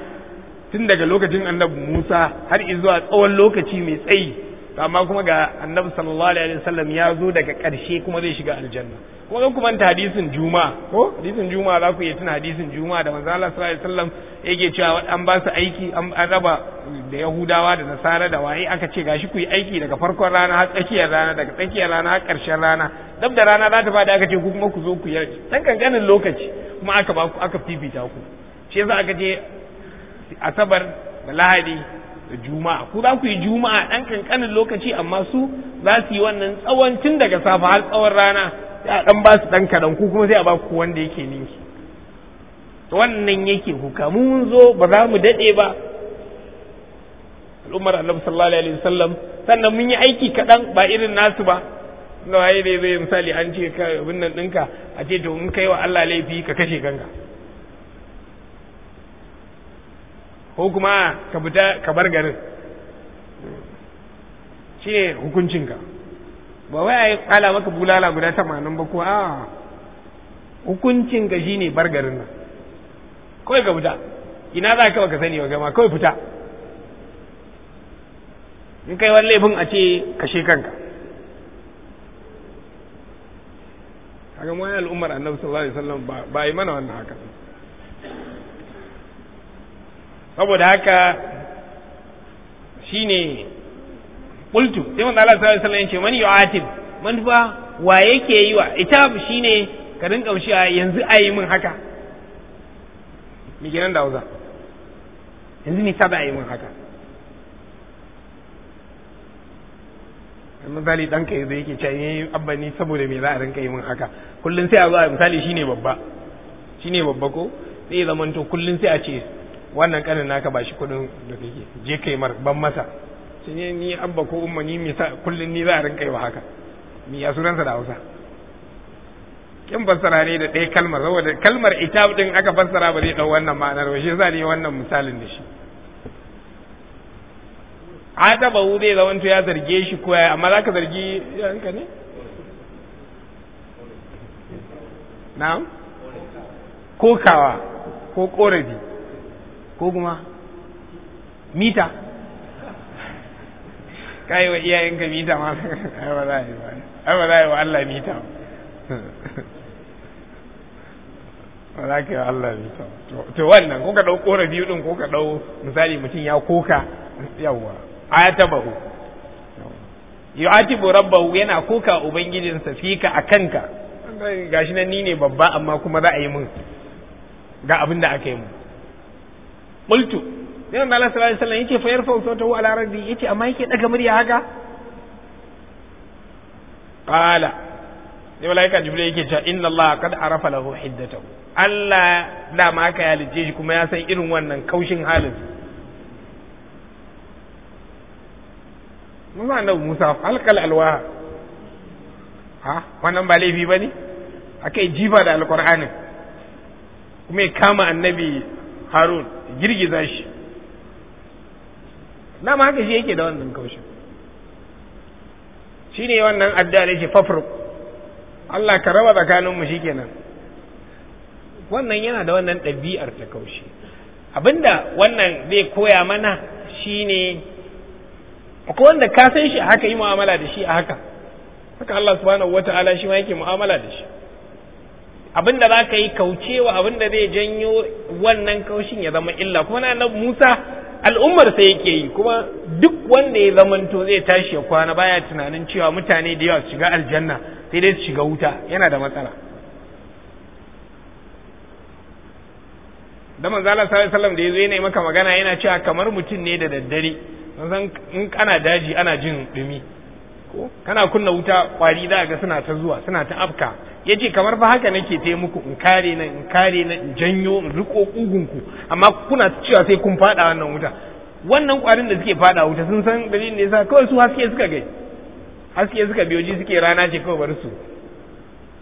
tun daga lokacin annabi Musa har zuwa tsawon lokaci mai tsayi amma kuma ga annabi sallallahu alaihi wasallam ya zo daga ƙarshe kuma zai shiga aljanna kuma zan kuma hadisin juma'a ko hadisin juma'a za ku iya tuna hadisin juma da manzo Allah sallallahu alaihi wasallam yake cewa an ba su aiki an raba da yahudawa da nasara da waye aka ce gashi ku yi aiki daga farkon rana har tsakiyar rana daga tsakiyar rana har ƙarshen rana dab da rana za ta fada aka ce ku kuma ku zo ku yi dan kankanin lokaci kuma aka ba ku aka fifita ku shi yasa aka je asabar da lahadi juma'a ku za ku yi juma'a ɗan kankanin lokaci amma su za su yi wannan tsawon tun daga safa har tsawon rana sai a ɗan ba su ɗan kaɗan ku kuma sai a ba ku wanda yake ninki wannan yake kuka mun zo ba za mu daɗe ba al'ummar annabi sallallahu alaihi wasallam sannan mun yi aiki kaɗan ba irin nasu ba waye ne zai misali an ce ka abin nan ɗinka a ce to in kai wa Allah laifi ka kashe kanka ko kuma ka fita ka bar garin shi ne hukuncinka ba wai a yi kala maka bulala guda tamanin ba ko a hukuncinka shi ne bar garin nan kawai ka fita ina za ka baka sani ba gama kawai fita in kai wani laifin a ce kashe kanka kaga mu al'ummar annabi sallallahu alaihi wasallam ba yi mana wannan haka saboda haka shine qultu sai manzo Allah sallallahu alaihi wasallam yace ce man yu'atil man fa wa yake yi wa itab shine ka rinka ushi a yanzu a yi min haka mi da hausa yanzu ni saba yi min haka dan kai zai yake cewa yin eh, abba ni saboda me za a rinka yi min haka kullum sai a zo a misali shine babba shine babba ko sai zamanto kullum sai a ce wannan kanin naka ba shi kuɗin da kake je kai mar ban masa sai ne ni abba ko umma ni me kullun ni za a rinka yi wa haka mi ya sa da Hausa kin fassara ne da ɗaya kalmar saboda kalmar ita din aka fassara ba zai dau wannan ma'anar ba shi yasa ne wannan misalin da shi adaba hu zai zawanto ya zarge shi ko ya amma zaka zargi yanka ne na'am kokawa ko korafi ko kuma mita kai wa iyayenka mita ma ai ba za a yi ba ba za a yi wa Allah mita ba za ka yi wa Allah mita to wannan ko ka ɗau ƙorafi ɗin ko ka ɗau misali mutum ya koka yawwa aya ta bahu yu'atibu rabbahu yana koka ubangijinsa fika a kanka gashi nan ni ne babba amma kuma za a yi mun. ga abin da aka yi mun. qultu sai manzo Allah sallallahu alaihi wasallam yake fa yarfa sautahu ala rabbi yake amma yake daga murya haka qala sai malaika jibril yake cewa inna Allah qad arafa lahu hiddatahu Allah da ma aka lije shi kuma ya san irin wannan kaushin halin Musa na Musa halkal alwaha ha wannan ba laifi bane akai jifa da alqur'ani kuma ya kama annabi harun girgiza shi ma haka shi yake da wannan kaushin shi ne wannan adda da yake fafruk Allah ka raba tsakaninmu shi kenan wannan yana da wannan ɗabi'ar ta kaushi abinda wannan zai koya mana shi ne akwai wanda ka san shi a haka yi mu'amala da shi a haka haka Allah subhanahu wata'ala shi ma yake mu'amala da shi abin da za ka yi kauce wa abin da zai janyo wannan kaushin ya zama illa kuma na musa al'ummar sai yake yi kuma duk wanda ya zamanto zai tashi ya kwana baya tunanin cewa mutane da yawa su shiga aljanna sai dai su shiga wuta yana da matsala da manzo Allah sallallahu alaihi wasallam da yazo yana maka magana yana cewa kamar mutum ne da daddare san in kana daji ana jin dumi ko kana kunna wuta kwari za ga suna ta zuwa suna ta afka ya ce kamar ba haka nake ta muku in kare na in kare na in janyo in riko ƙugunku amma kuna cewa sai kun faɗa wannan wuta wannan ƙwarin da suke faɗa wuta sun san da ne sa kawai su haske suka gai haske suka biyoji suke rana ce kawai bari su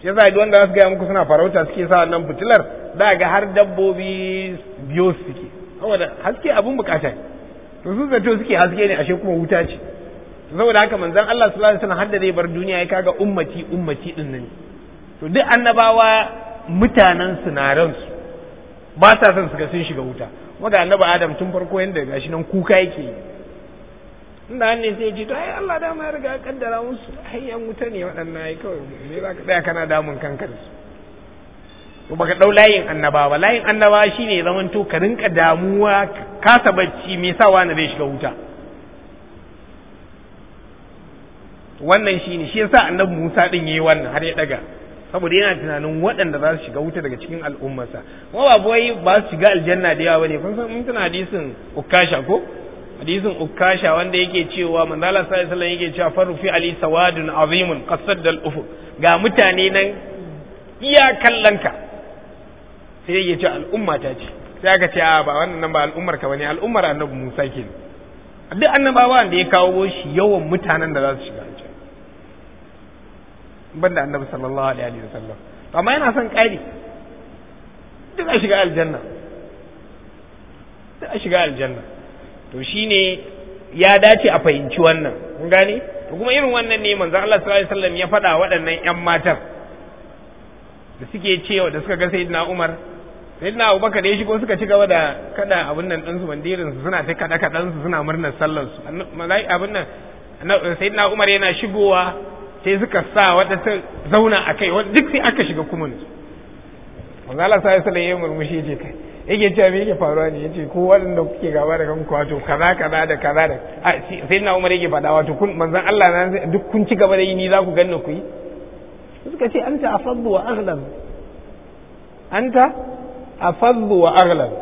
shi yasa duk wanda za su gaya muku suna farauta suke sa wannan fitilar za ga har dabbobi biyo suke saboda haske abun bukata ne to sun zato suke haske ne ashe kuma wuta ce saboda haka manzon Allah sallallahu alaihi wasallam hadda zai bar duniya ya kaga ummati ummati din nan ne to duk annabawa mutanen su na ba sa son su ga sun shiga wuta wanda annabi adam tun farko yanda gashi nan kuka yake yi inda hannun sai ji to ai Allah da ya riga kaddara musu hayyan wuta ne waɗannan ai kawai me za ka tsaya kana damun kankan su to baka dau layin annabawa ba layin annabawa shine zaman to ka rinka damuwa kasa bacci me yasa wani zai shiga wuta wannan shine shi yasa annabi Musa din yayi wannan har ya daga saboda yana tunanin waɗanda za su shiga wuta daga cikin al'ummarsa Kuma ba wai ba su shiga aljanna da yawa bane kun san mun tana hadisin ukasha ko hadisin ukasha wanda yake cewa manzala sallallahu alaihi wasallam yake cewa fi ali sawadun azimun qasad al ufuq ga mutane nan iya kallanka sai yake cewa al'umma ta ce sai aka ce a ba wannan nan ba al'ummar ka bane al'ummar annabi Musa kenan duk annabawa wanda ya kawo shi yawan mutanen da za su shiga banda annabi sallallahu alaihi wa sallam amma yana son ƙari duk a shiga aljanna duk a shiga aljanna to shine ya dace a fahimci wannan kun gane to kuma irin wannan ne manzon Allah sallallahu alaihi wasallam ya faɗa waɗannan ƴan matan da suke cewa da suka ga sayyidina Umar sayyidina abubakar ya shigo suka ci gaba da kada abin nan ɗansu bandirin su suna ta kada kada su suna murnar sallar su abin nan sayyidina umar yana shigowa sai suka sa ta zauna a kai duk sai aka shiga kuma su manzo Allah sai sallallahu alaihi murmushi ya kai yake cewa me yake faruwa ne yace ko waɗanda kuke gaba da kanku to kaza kaza da kaza da sai na Umar yake faɗa wato kun manzon Allah na duk kun ci gaba da yi ni za ku ganna ku yi suka ce anta afaddu wa aghlam anta afaddu wa aghlam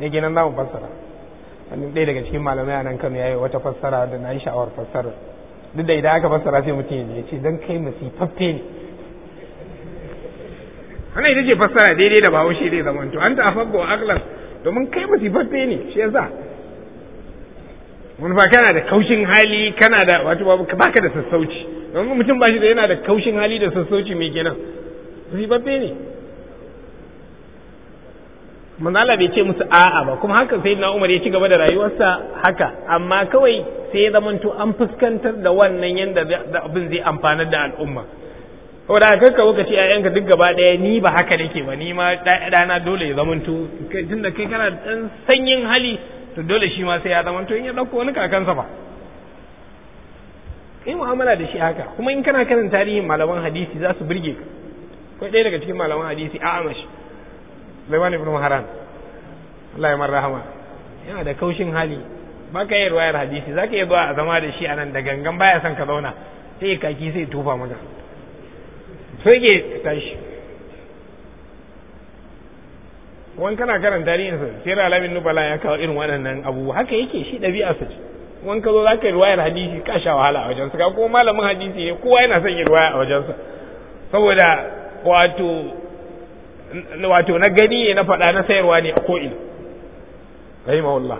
ne kenan za mu fassara wani ɗaya daga cikin malamai a nan Kano yayi wata fassara da na yi sha'awar fassarar duk da idan aka fassara sai mutum ya ce dan kai masifaffe ne wannan ita ce fassara daidai da bahaushe dai zaman to an ta afabba wa aklan domin kai masifaffe ne shi yasa wani fa kana da kaushin hali kana da wato baka da sassauci domin mutum ba shi da yana da kaushin hali da sassauci mai kenan masifaffe ne Allah bai ce musu a'a ba kuma haka sai na umar ya ci gaba da rayuwarsa haka amma kawai sai ya zamanto an fuskantar da wannan yadda abin zai amfanar da al'umma saboda haka ka lokaci yanka duk gaba ɗaya ni ba haka nake ba ni ma ɗana dole ya zamanto tunda kai kana ɗan sanyin hali to dole shi ma sai ya zamanto in ya ɗauko wani kakansa ba Kai mu'amala da shi haka kuma in kana karin tarihin malaman hadisi za su burge ka kai ɗaya daga cikin malaman hadisi a'amashi Laiwan ibn Muharan Allah ya rahama yana da kaushin hali ba ka yi ruwayar hadisi za ka yi zuwa a zama da shi a nan da gangan baya son ka zauna sai ya kaki sai tufa maka so ke tashi wani kana karan tarihinsa sai alamin nubala ya kawo irin waɗannan abubuwa haka yake shi ɗabi'a su ce wani ka zo za ka yi ruwayar hadisi ka sha wahala a wajensa ka kuma malamin hadisi ne kowa yana son yi ruwaya a wajensa saboda wato wato na gani na faɗa na sayarwa ne a ko'ina rahimahullah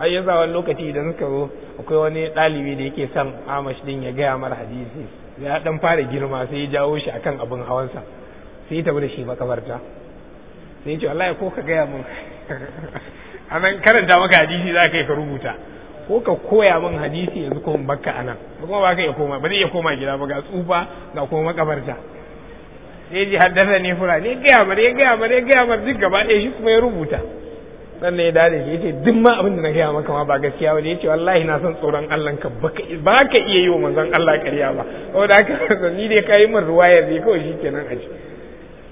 ai yanzu wani lokaci idan suka zo akwai wani ɗalibi da yake son amash din ya gaya mar hadisi ya dan fara girma sai ya jawo shi akan abin hawansa sai ya tafi da shi makabarta sai ya ce wallahi ko ka gaya min nan karanta maka hadisi za ka yi ka rubuta ko ka koya min hadisi yanzu ko in bakka anan ba ba ka iya koma ba zai iya koma gida ba ga tsufa ga kuma makabarta sai ji haddasa ne fura ne gaya mar ya gaya mar ya gaya mar duk gaba ɗaya shi kuma ya rubuta sannan ya dade shi yace duk ma abin da na gaya maka ma ba gaskiya ba ne yace wallahi na san tsoron Allah ka ba ka iya yi wa manzon Allah ƙarya ba saboda haka ni dai ka yi min ruwayar ne kawai kenan a ci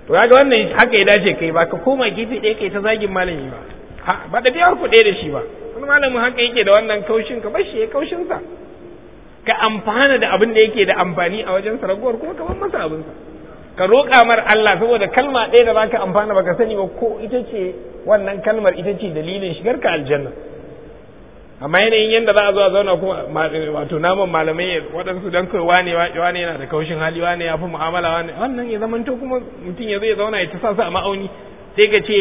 to kaga wannan haka ya dace kai ba ka koma gidi ɗaya kai ta zagin malami ba ba da biyar ku ɗaya da shi ba wani malamin haka yake da wannan kaushin ka bashi ya kaushin sa ka amfana da abin da yake da amfani a wajen sa kuma ka bar masa abin sa ka roƙa mar Allah saboda kalma ɗaya da baka amfana baka sani ba ko ita ce wannan kalmar ita ce dalilin shigar ka aljanna amma yanayin yadda za a zo a zauna kuma wato naman malamai waɗansu dan kai wane wane yana da kaushin hali wane ya fi mu'amala wane wannan ya zamanto kuma mutum ya zai zauna ya ta sa su a ma'auni sai ka ce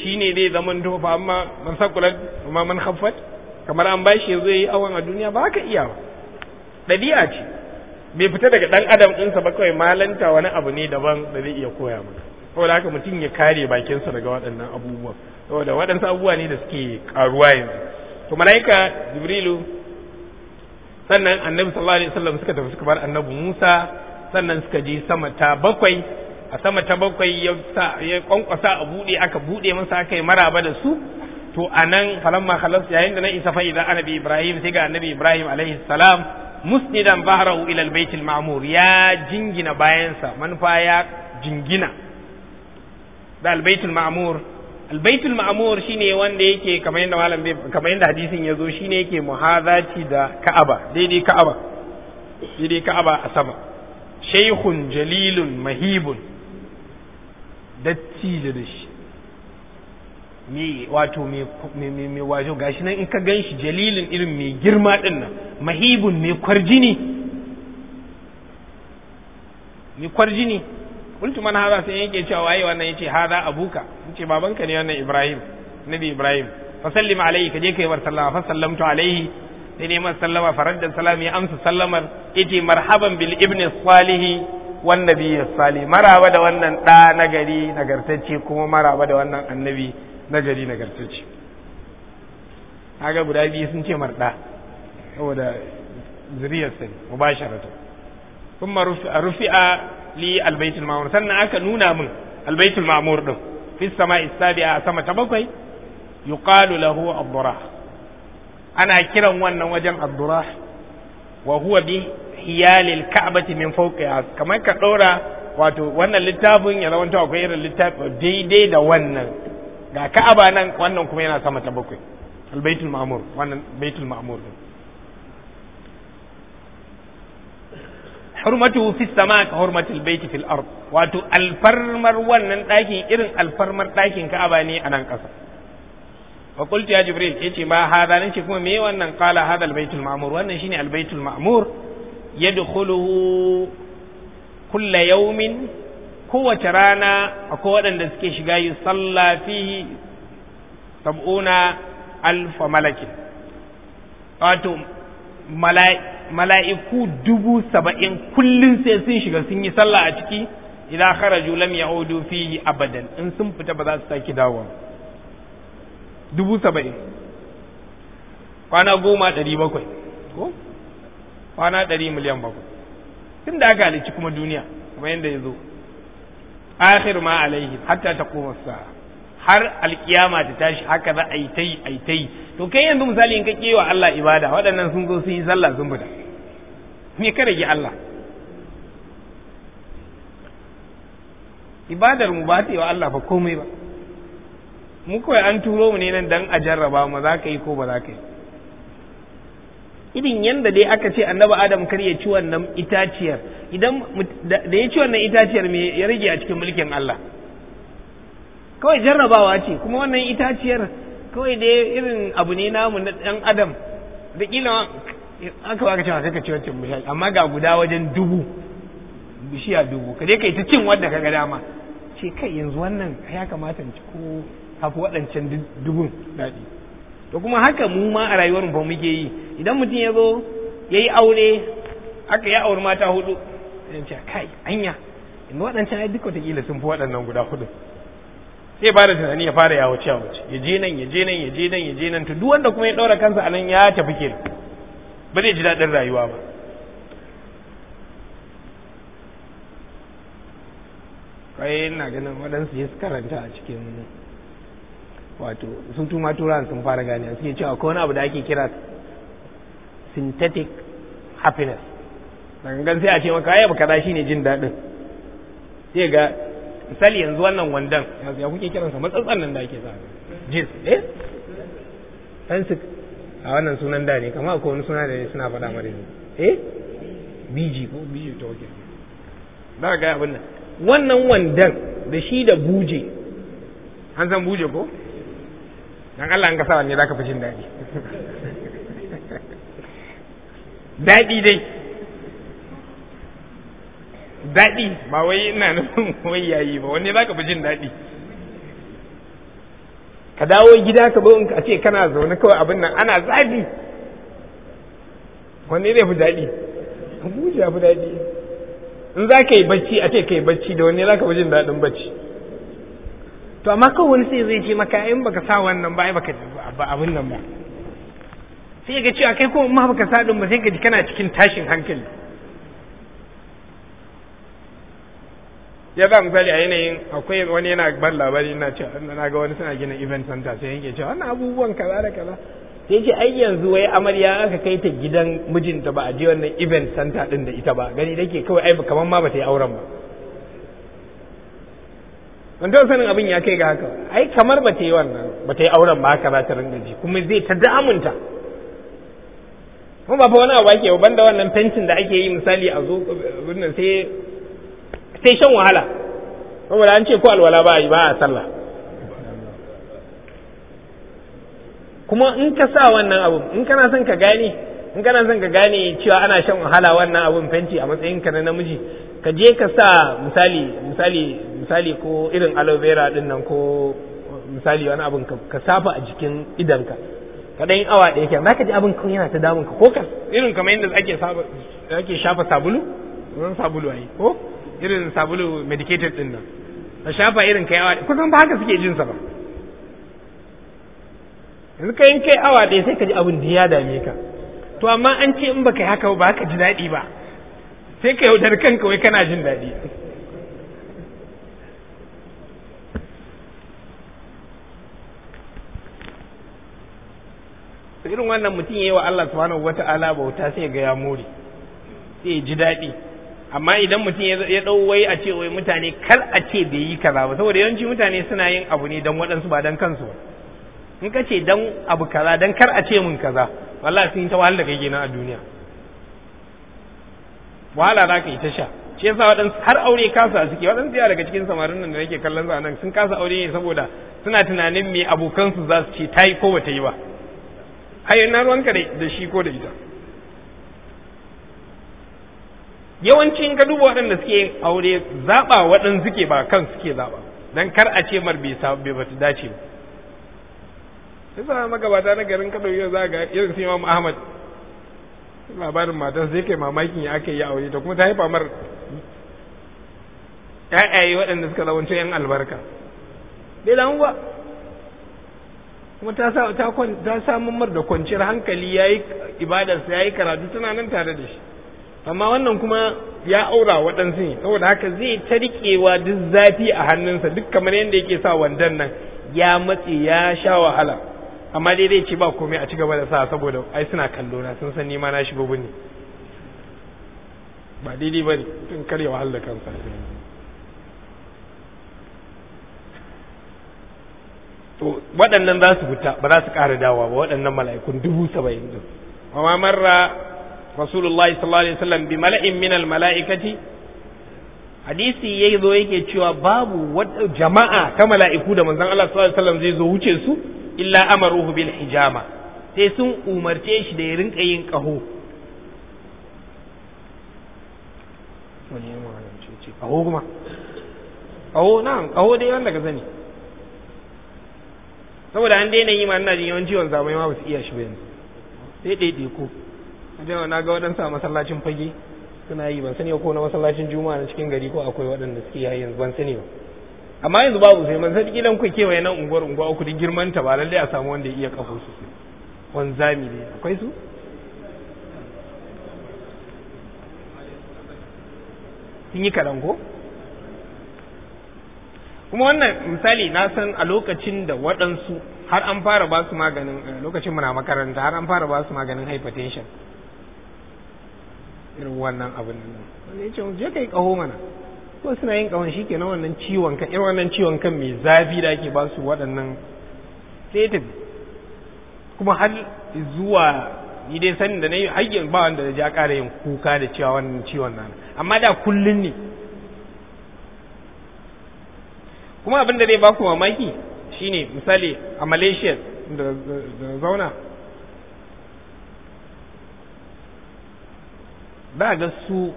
shi ne zai zamanto fa amma man sakulat amma man haffat kamar an bashi ya zai yi awon a duniya ba haka iya ba ɗabi'a ce bai fita daga dan adam ɗinsa ba kawai malanta wani abu ne daban da zai iya koya maka saboda haka mutum ya kare bakinsa daga waɗannan abubuwa saboda waɗansu abubuwa ne da suke karuwa yanzu to malaika jibrilu sannan annabi sallallahu alaihi wasallam suka tafi suka bar annabi musa sannan suka je sama ta bakwai a sama ta bakwai ya sa ya kwankwasa a bude aka bude masa aka yi maraba da su to anan falamma khalas yayin da na isa fa idan annabi ibrahim sai ga annabi ibrahim alaihi salam musnidan bahrahu ila albayt alma'mur ya jingina bayansa manfa ya jingina da albayt alma'mur albayt alma'mur shine wanda yake kamar yadda malam kamar yadda hadisin yazo shine yake muhadaci da ka'aba daidai ka'aba daidai ka'aba a sama shaykhun jalilun mahibun datti da shi mai wato mai wato gashi nan in ka gan shi jalilin irin mai girma ɗin nan mahibun mai kwarjini mai kwarjini kultu man haza sai yake cewa waye wannan yace haza abuka yace babanka ne wannan Ibrahim nabi Ibrahim fa sallim alaihi kaje kai bar sallama fa sallamtu alaihi sai ne man sallama faradda salam ya amsa sallamar yace marhaban bil ibni salih wan nabiy salih maraba da wannan da nagari nagartacce kuma maraba da wannan annabi nagari nagartacce haka guda biyu sun ce marɗa saboda zuriyarsa ne mubasharatu kuma rufi'a li albaitul ma'mur sannan aka nuna min albaitul ma'mur din fi sama'i sabi'a sama ta bakwai yuqalu lahu abdurah ana kiran wannan wajen abdurah wa huwa bi hiyalil ka'bati min fawqiha kamar ka ɗora wato wannan littafin ya zamanto akwai irin littafi daidai da wannan ga ka'aba nan wannan kuma yana sama ta bakwai albaitul ma'mur wannan baitul ma'mur din hurmatuhu fi sama ka hurmatul baiti fil ard wato alfarmar wannan ɗakin irin alfarmar ɗakin ka'aba ne a nan ƙasa wa qultu ya jibril yace ma hada nan ce kuma me wannan qala hada albaitul ma'mur wannan shine albaitul ma'mur yadkhuluhu kulla yawmin kowace rana akwai waɗanda suke shiga yi sallah fihi sab'una alfa malakin wato mala'iku dubu saba'in kullum sai sun shiga sun yi sallah a ciki idan kharaju lam ya'udu fihi abadan in sun fita ba za su saki dawo dubu saba'in kwana goma ɗari bakwai ko kwana ɗari miliyan bakwai tun da aka halici kuma duniya kamar yadda ya zo akhir ma alaihi hatta taqum sa har alkiyama ta tashi haka za a yi ta yi a yi ta yi to kai yanzu misali in ka kewa Allah ibada waɗannan sun zo sun yi sallah sun fita me ka rage Allah ibadar mu ba ta yi wa Allah ba komai ba mu kawai an turo mu ne nan dan a jarraba mu za ka yi ko ba za ka yi irin yadda dai aka ce annabi adam kar ya ci wannan itaciyar idan da ya ci wannan itaciyar me ya rage a cikin mulkin Allah kawai jarrabawa ce kuma wannan itaciyar kawai da irin abu ne namu na dan adam da kila aka baka cewa a ka ci wancan bishiya amma ga guda wajen dubu bishiya dubu ka je ka yi ta cin wanda ka ga dama ce kai yanzu wannan ya kamata ko waɗancan dubun daɗi to kuma haka mu ma a rayuwar mu muke yi idan mutum ya zo yi aure aka yi aure mata hudu idan ce kai anya in waɗancan ai duka kila sun fi waɗannan guda hudu sai ba da tunani ya fara yawo cewa wuce ya je nan ya je nan ya je nan ya je nan to duk wanda kuma ya ɗaura kansa a nan ya tafi ke ba zai ji daɗin rayuwa ba kai ina ganin waɗansu ya karanta a cikin wato sun tuma turan sun fara gane suke cewa akwai wani abu da ake kira synthetic happiness gangan sai a ce maka ya abu shi ne jin daɗin sai ga misali yanzu wannan wandan ya kuke kiransa matsatsan nan da ake sa jin eh fansik a wannan sunan da ne kamar akwai wani suna da ne suna faɗa mara ne eh biji ko biji ta wakil za ga abin nan wannan wandan da shi da buje an san buje ko dan Allah an ka sa ne zaka fi jin daɗi daɗi dai daɗi ba wai ina nufin wai yayi ba wanne zaka fi jin daɗi ka dawo gida ka zo in ka ce kana zaune kawai abin nan ana zafi wanne zai fi daɗi Abuja fi daɗi in za ka yi bacci a ce ka yi bacci da wanne za ka fi jin daɗin bacci to amma kawai wani sai zai ce maka in baka sa wannan ba ai baka abin nan ba sai ga cewa kai kuma ma baka sa din ba sai ka ji kana cikin tashin hankali ya ba misali a yanayin akwai wani yana bar labari na ce na ga wani suna gina event center sai yanke cewa wannan abubuwan kaza da kaza sai ce ai yanzu wai amarya aka kai ta gidan mijinta ba a je wannan event center din da ita ba gani dake kawai ai kaman ma ba ta yi auren ba Wanda taɓa sanin abin ya kai ga haka ai kamar ba ta yi wannan ba ta yi auren ba haka za ta ringa ji kuma zai ta damunta kuma ba fa wani abu ake ban da wannan fentin da ake yi misali a zo sai sai shan wahala da an ce ko alwala ba a yi ba a sallah kuma in ka sa wannan abun in kana son ka gane in kana son ka gane cewa ana shan wahala wannan abun fenti a matsayin ka na namiji ka je ka sa misali misali misali ko irin aloe vera din nan ko misali wani abin ka safa a jikin idanka ka yi awa ɗaya kenan zaka ji abin kan yana ta damun ka ko ka irin kamar yadda ake ake shafa sabulu ruwan sabulu ayi ko irin sabulu medicated din nan ka shafa irin kai awa kusan ba haka suke jin sa ba yanzu kai in kai awa ɗaya sai ka ji abin da ya dame ka to amma an ce in baka yi haka ba ka ji daɗi ba sai ka yaudar kanka wai kana jin daɗi su irin wannan mutum ya yi wa Allah subhanahu wata'ala bauta sai ga ya more sai ji daɗi amma idan mutum ya ɗau wai a ce wai mutane kar a ce bai yi kaza ba saboda yawanci mutane suna yin abu ne don waɗansu ba don kansu ba in ka ce don abu kaza don kar a ce min kaza wallah sun yi ta wahala kai kenan a duniya wahala za ka yi ta sha shi yasa waɗansu har aure kasa suke waɗansu yawa daga cikin samarin nan da nake kallon su nan sun kasa aure ne saboda suna tunanin me abokansu za su ce ta yi ko bata yi ba ai na ruwanka da shi ko da ita yawancin ka duba waɗanda suke aure zaɓa waɗanda suke ba kan suke zaɓa don kar a ce mar bai bai bata dace ba sa magabata na garin Kano yau za ga irin su Imam Ahmad labarin matar sai kai mamakin ya aka yi aure ta kuma ta haifa mar ƴaƴaye waɗanda suka zamanto yan albarka bai damu kuma ta sa ta ta samu mar da kwanciyar hankali yayi ibadarsa yayi karatu tana nan tare da shi amma wannan kuma ya aura waɗansu ne saboda haka zai ta riƙewa duk zafi a hannunsa duk kamar yadda yake sa wandan nan ya matse ya sha wahala amma dai dai ce ba komai a cigaba da sa saboda ai suna kallo na sun san nima na shi babu ne ba daidai ba ne tun karya wahalar kansa waɗannan za su fita ba za su ƙara dawa ba waɗannan mala'ikun dubu saba'in din amma marra rasulullahi sallallahu alaihi wasallam bi mala'in min al mala'ikati hadisi yayi zo yake cewa babu wata jama'a ta mala'iku da manzon Allah sallallahu alaihi wasallam zai zo wuce su illa amaruhu bil hijama sai sun umarce shi da ya rinka yin ƙaho wani ce ƙaho kuma ƙaho na ƙaho dai wanda ka sani saboda an daina yi ma ina jin yawan ciwon zamai ma ba su iya shi ba yanzu sai dai ko jawa na ga waɗansu a masallacin fage suna yi ban sani ko na masallacin juma'a na cikin gari ko akwai waɗanda suke yi yanzu ban sani ba amma yanzu babu sai man sani kilan ku kewaye nan unguwar unguwa uku da girman ta ba lalle a samu wanda ya iya kafo su wanzami ne akwai su sun yi kaɗan ko kuma wannan misali na san a lokacin da waɗansu har an fara ba su maganin eh, lokacin muna makaranta har an fara ba su maganin hypertension irin wannan abin nan wanda ya ce je kai kaho mana ko suna yin kawon shi kenan wannan ciwon kan irin wannan ciwon kan mai zafi da ake ba su waɗannan sai kuma har zuwa ni dai sanin da na yi har ba wanda da ja ƙara yin kuka da cewa wannan ciwon nan amma da kullun ne kuma abin da zai baku mamaki shine misali a malaysia da zauna ba ga su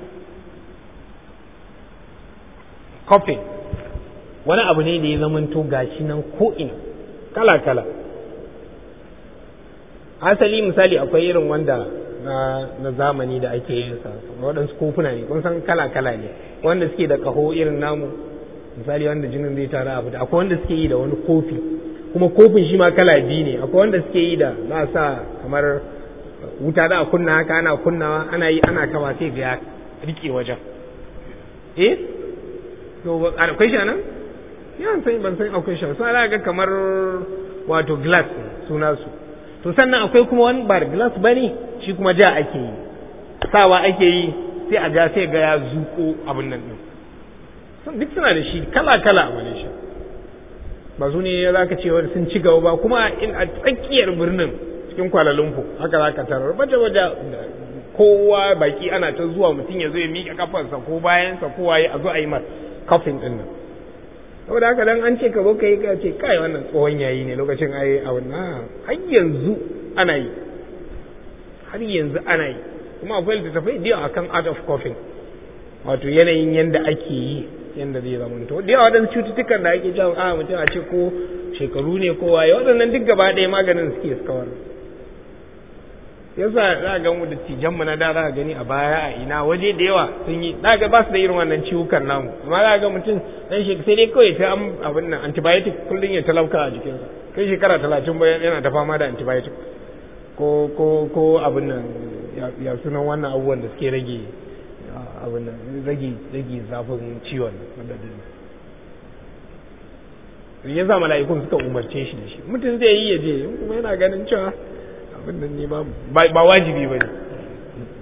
kofin wani abu ne da ya zamanto gashi nan ko'ina kala-kala asali misali akwai irin wanda na zamani da ake yin sa waɗansu kofuna ne kun san kala-kala ne wanda suke da ƙaho irin namu misali wanda jinin zai tara a fita akwai wanda suke yi da wani kofi kuma kofin shi ma kala biyu ne akwai wanda suke yi da za a sa kamar wuta da a kunna haka ana kunnawa ana yi ana kama sai ga rike wajen eh to akwai shi anan ya ban san akwai shi sai ga kamar wato glass suna su to sannan akwai kuma wani bar glass bane shi kuma ja ake yi sawa ake yi sai a ja sai ga ya zuko abin nan din duk suna da shi kala kala a malaysia ba su ne za ka ce wani sun ci gaba ba kuma in a tsakiyar birnin cikin kuala lumpur haka za ka tarar baje baje kowa baki ana ta zuwa mutum ya zo ya miƙa kafarsa ko bayansa ko waye a zo a yi mar kafin din nan saboda haka dan an ce ka zo ka yi ka ce kai wannan tsohon yayi ne lokacin ai a wannan har yanzu ana yi har yanzu ana yi kuma akwai littattafai da akan art of coughing wato yanayin yadda ake yi yadda zai to da yawa cututtukan da ake jan a mutum a ce ko shekaru ne ko waye waɗannan duk gaba ɗaya maganin suke kawar yasa za ga mu da tijan mu na da za gani a baya a ina waje da yawa sun yi za ga ba su da irin wannan ciwukan namu amma za ga mutum dan shekaru sai dai kawai ta abin nan antibiotic kullum ya talauka a jikinsa kai shekara talatin bayan yana ta fama da antibiotic ko ko ko abin nan ya sunan wannan abubuwan da suke rage abin rage rage zafin ciwon madadin ya za mala'ikun suka umarce shi da shi mutum zai yi yaje kuma yana ganin cewa abin nan ne ba wajibi ba ne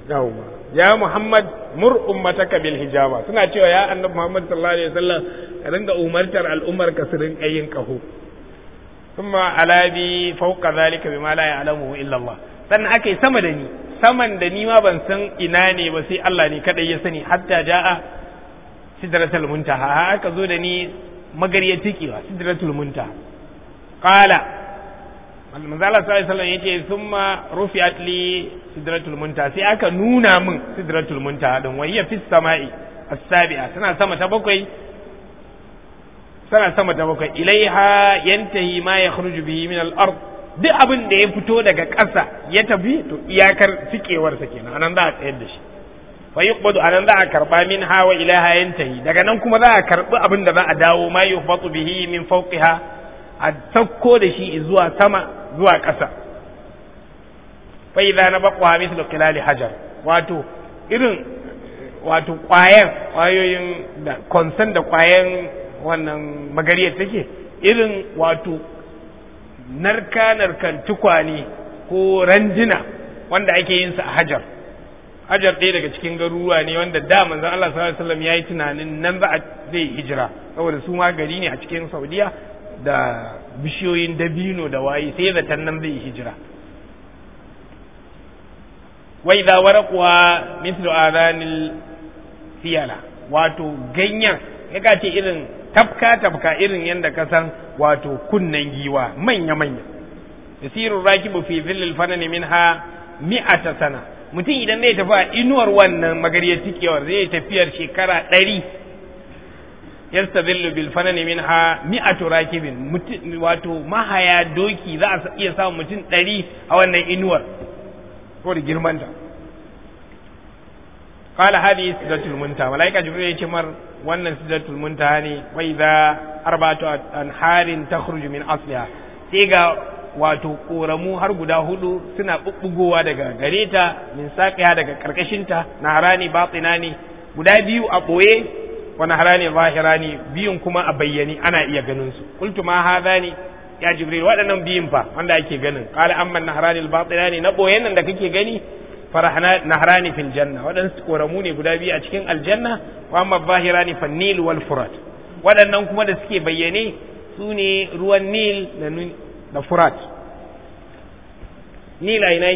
yawon ya muhammad mur ummataka Kabil hijaba suna cewa ya annabi muhammad sallallahu alaihi wasallam ka ringa umartar al'ummar ka su ringa yin kaho ثم على بي فوق ذلك بما لا يعلمه sannan aka yi sama da ni saman da ni ma ban san ina ne ba sai Allah ne kadai ya sani hatta ja'a sidratul muntaha aka zo da ni magariya tikewa sidratul muntaha qala manzala sallallahu alaihi wasallam yace summa rufi'at li sidratul muntaha sai aka nuna min sidratul muntaha dan wa fis sama'i as-sabi'a tana sama ta bakwai tana sama ta bakwai ilaiha yantahi ma yakhruju bihi min al-ard duk abin da ya fito daga ƙasa ya tafi to iyakar sikewarsa kenan anan za a tsayar da shi fa yuqbadu anan za a karba min hawa ilaha yantahi daga nan kuma za a karbi abin da za a dawo ma yuqbadu bihi min fawqiha a takko da shi zuwa sama zuwa ƙasa fa idza nabaqaha mithlu qilali hajar wato irin wato kwayan ƙwayoyin da konsan da ƙwayen wannan magariyar take irin wato narka narkan tukwane ko ranjina wanda ake yin sa a hajar hajar ɗaya daga cikin garuruwa ne wanda da manzo Allah sallallahu alaihi wasallam yayi tunanin nan za a zai hijira saboda su ma gari ne a cikin Saudiya da bishiyoyin dabino da waye sai da tan nan zai hijira wa idza waraquha mithlu adanil fiyala wato ganyen kaga ce irin tafka tafka irin yadda ka san wato kunnen giwa manya manya yasiru rakibu fi zillil fanani minha mi'ata sana mutum idan zai tafi a inuwar wannan magariyar tikewar zai tafiyar shekara ɗari yastazillu bil fanani minha mi'atu rakibin wato mahaya doki za a iya samun mutum ɗari a wannan inuwar ko da girmanta qala hadhihi sidratul muntaha malaika jibril ya ce mar wannan sidratul muntaha ne wa idza arba'atu anharin takhruju min asliha sai ga wato koramu har guda hudu suna bubbugowa daga gareta min saqiha daga karkashin ta naharani batinani guda biyu a boye wa naharani zahirani biyun kuma a bayyane ana iya ganin su qultu ma hadani ya jibril waɗannan biyun fa wanda ake ganin qala amma naharani albatinani na boyen nan da kake gani farahna nahrani fil janna waɗansu koramu ne guda biyu a cikin aljanna wa amma zahirani fa nil wal furat waɗannan kuma da suke bayyane su ne ruwan nil da furat nil a ina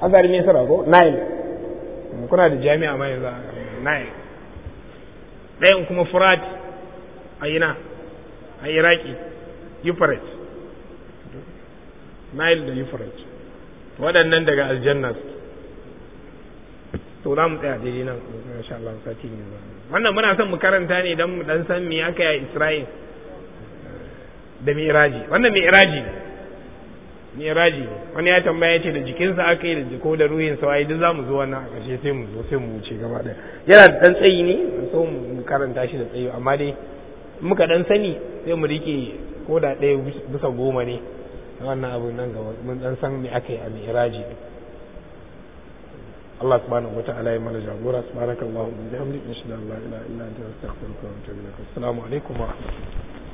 azari ne sarako. nile kuna da jami'a ma yanzu nile ɗayan kuma furat a ina a iraki euphrates nile da euphrates waɗannan daga aljanna suke to za mu tsaya daidai nan insha Allah sati ne wannan muna son mu karanta ne dan mu dan san me aka yi Isra'il da Mi'raji wannan Mi'raji Mi'raji wani ya tambaya yace da jikinsa aka yi da jiko da ruhin sa ai duk zamu zo wannan a ƙarshe sai mu zo sai mu wuce gaba da yana da dan tsayi ne so mu karanta shi da tsayi amma dai muka dan sani sai mu rike ko da ɗaya bisa goma ne wannan abu nan gaba mun dan san me aka yi a Mi'raji Allah subhanahu wataala ya mana jagora subhanakallahumma wa bihamdika ashhadu an la ilaha illa anta astaghfiruka wa atubu ilaik assalamu alaikum wa rahmatullahi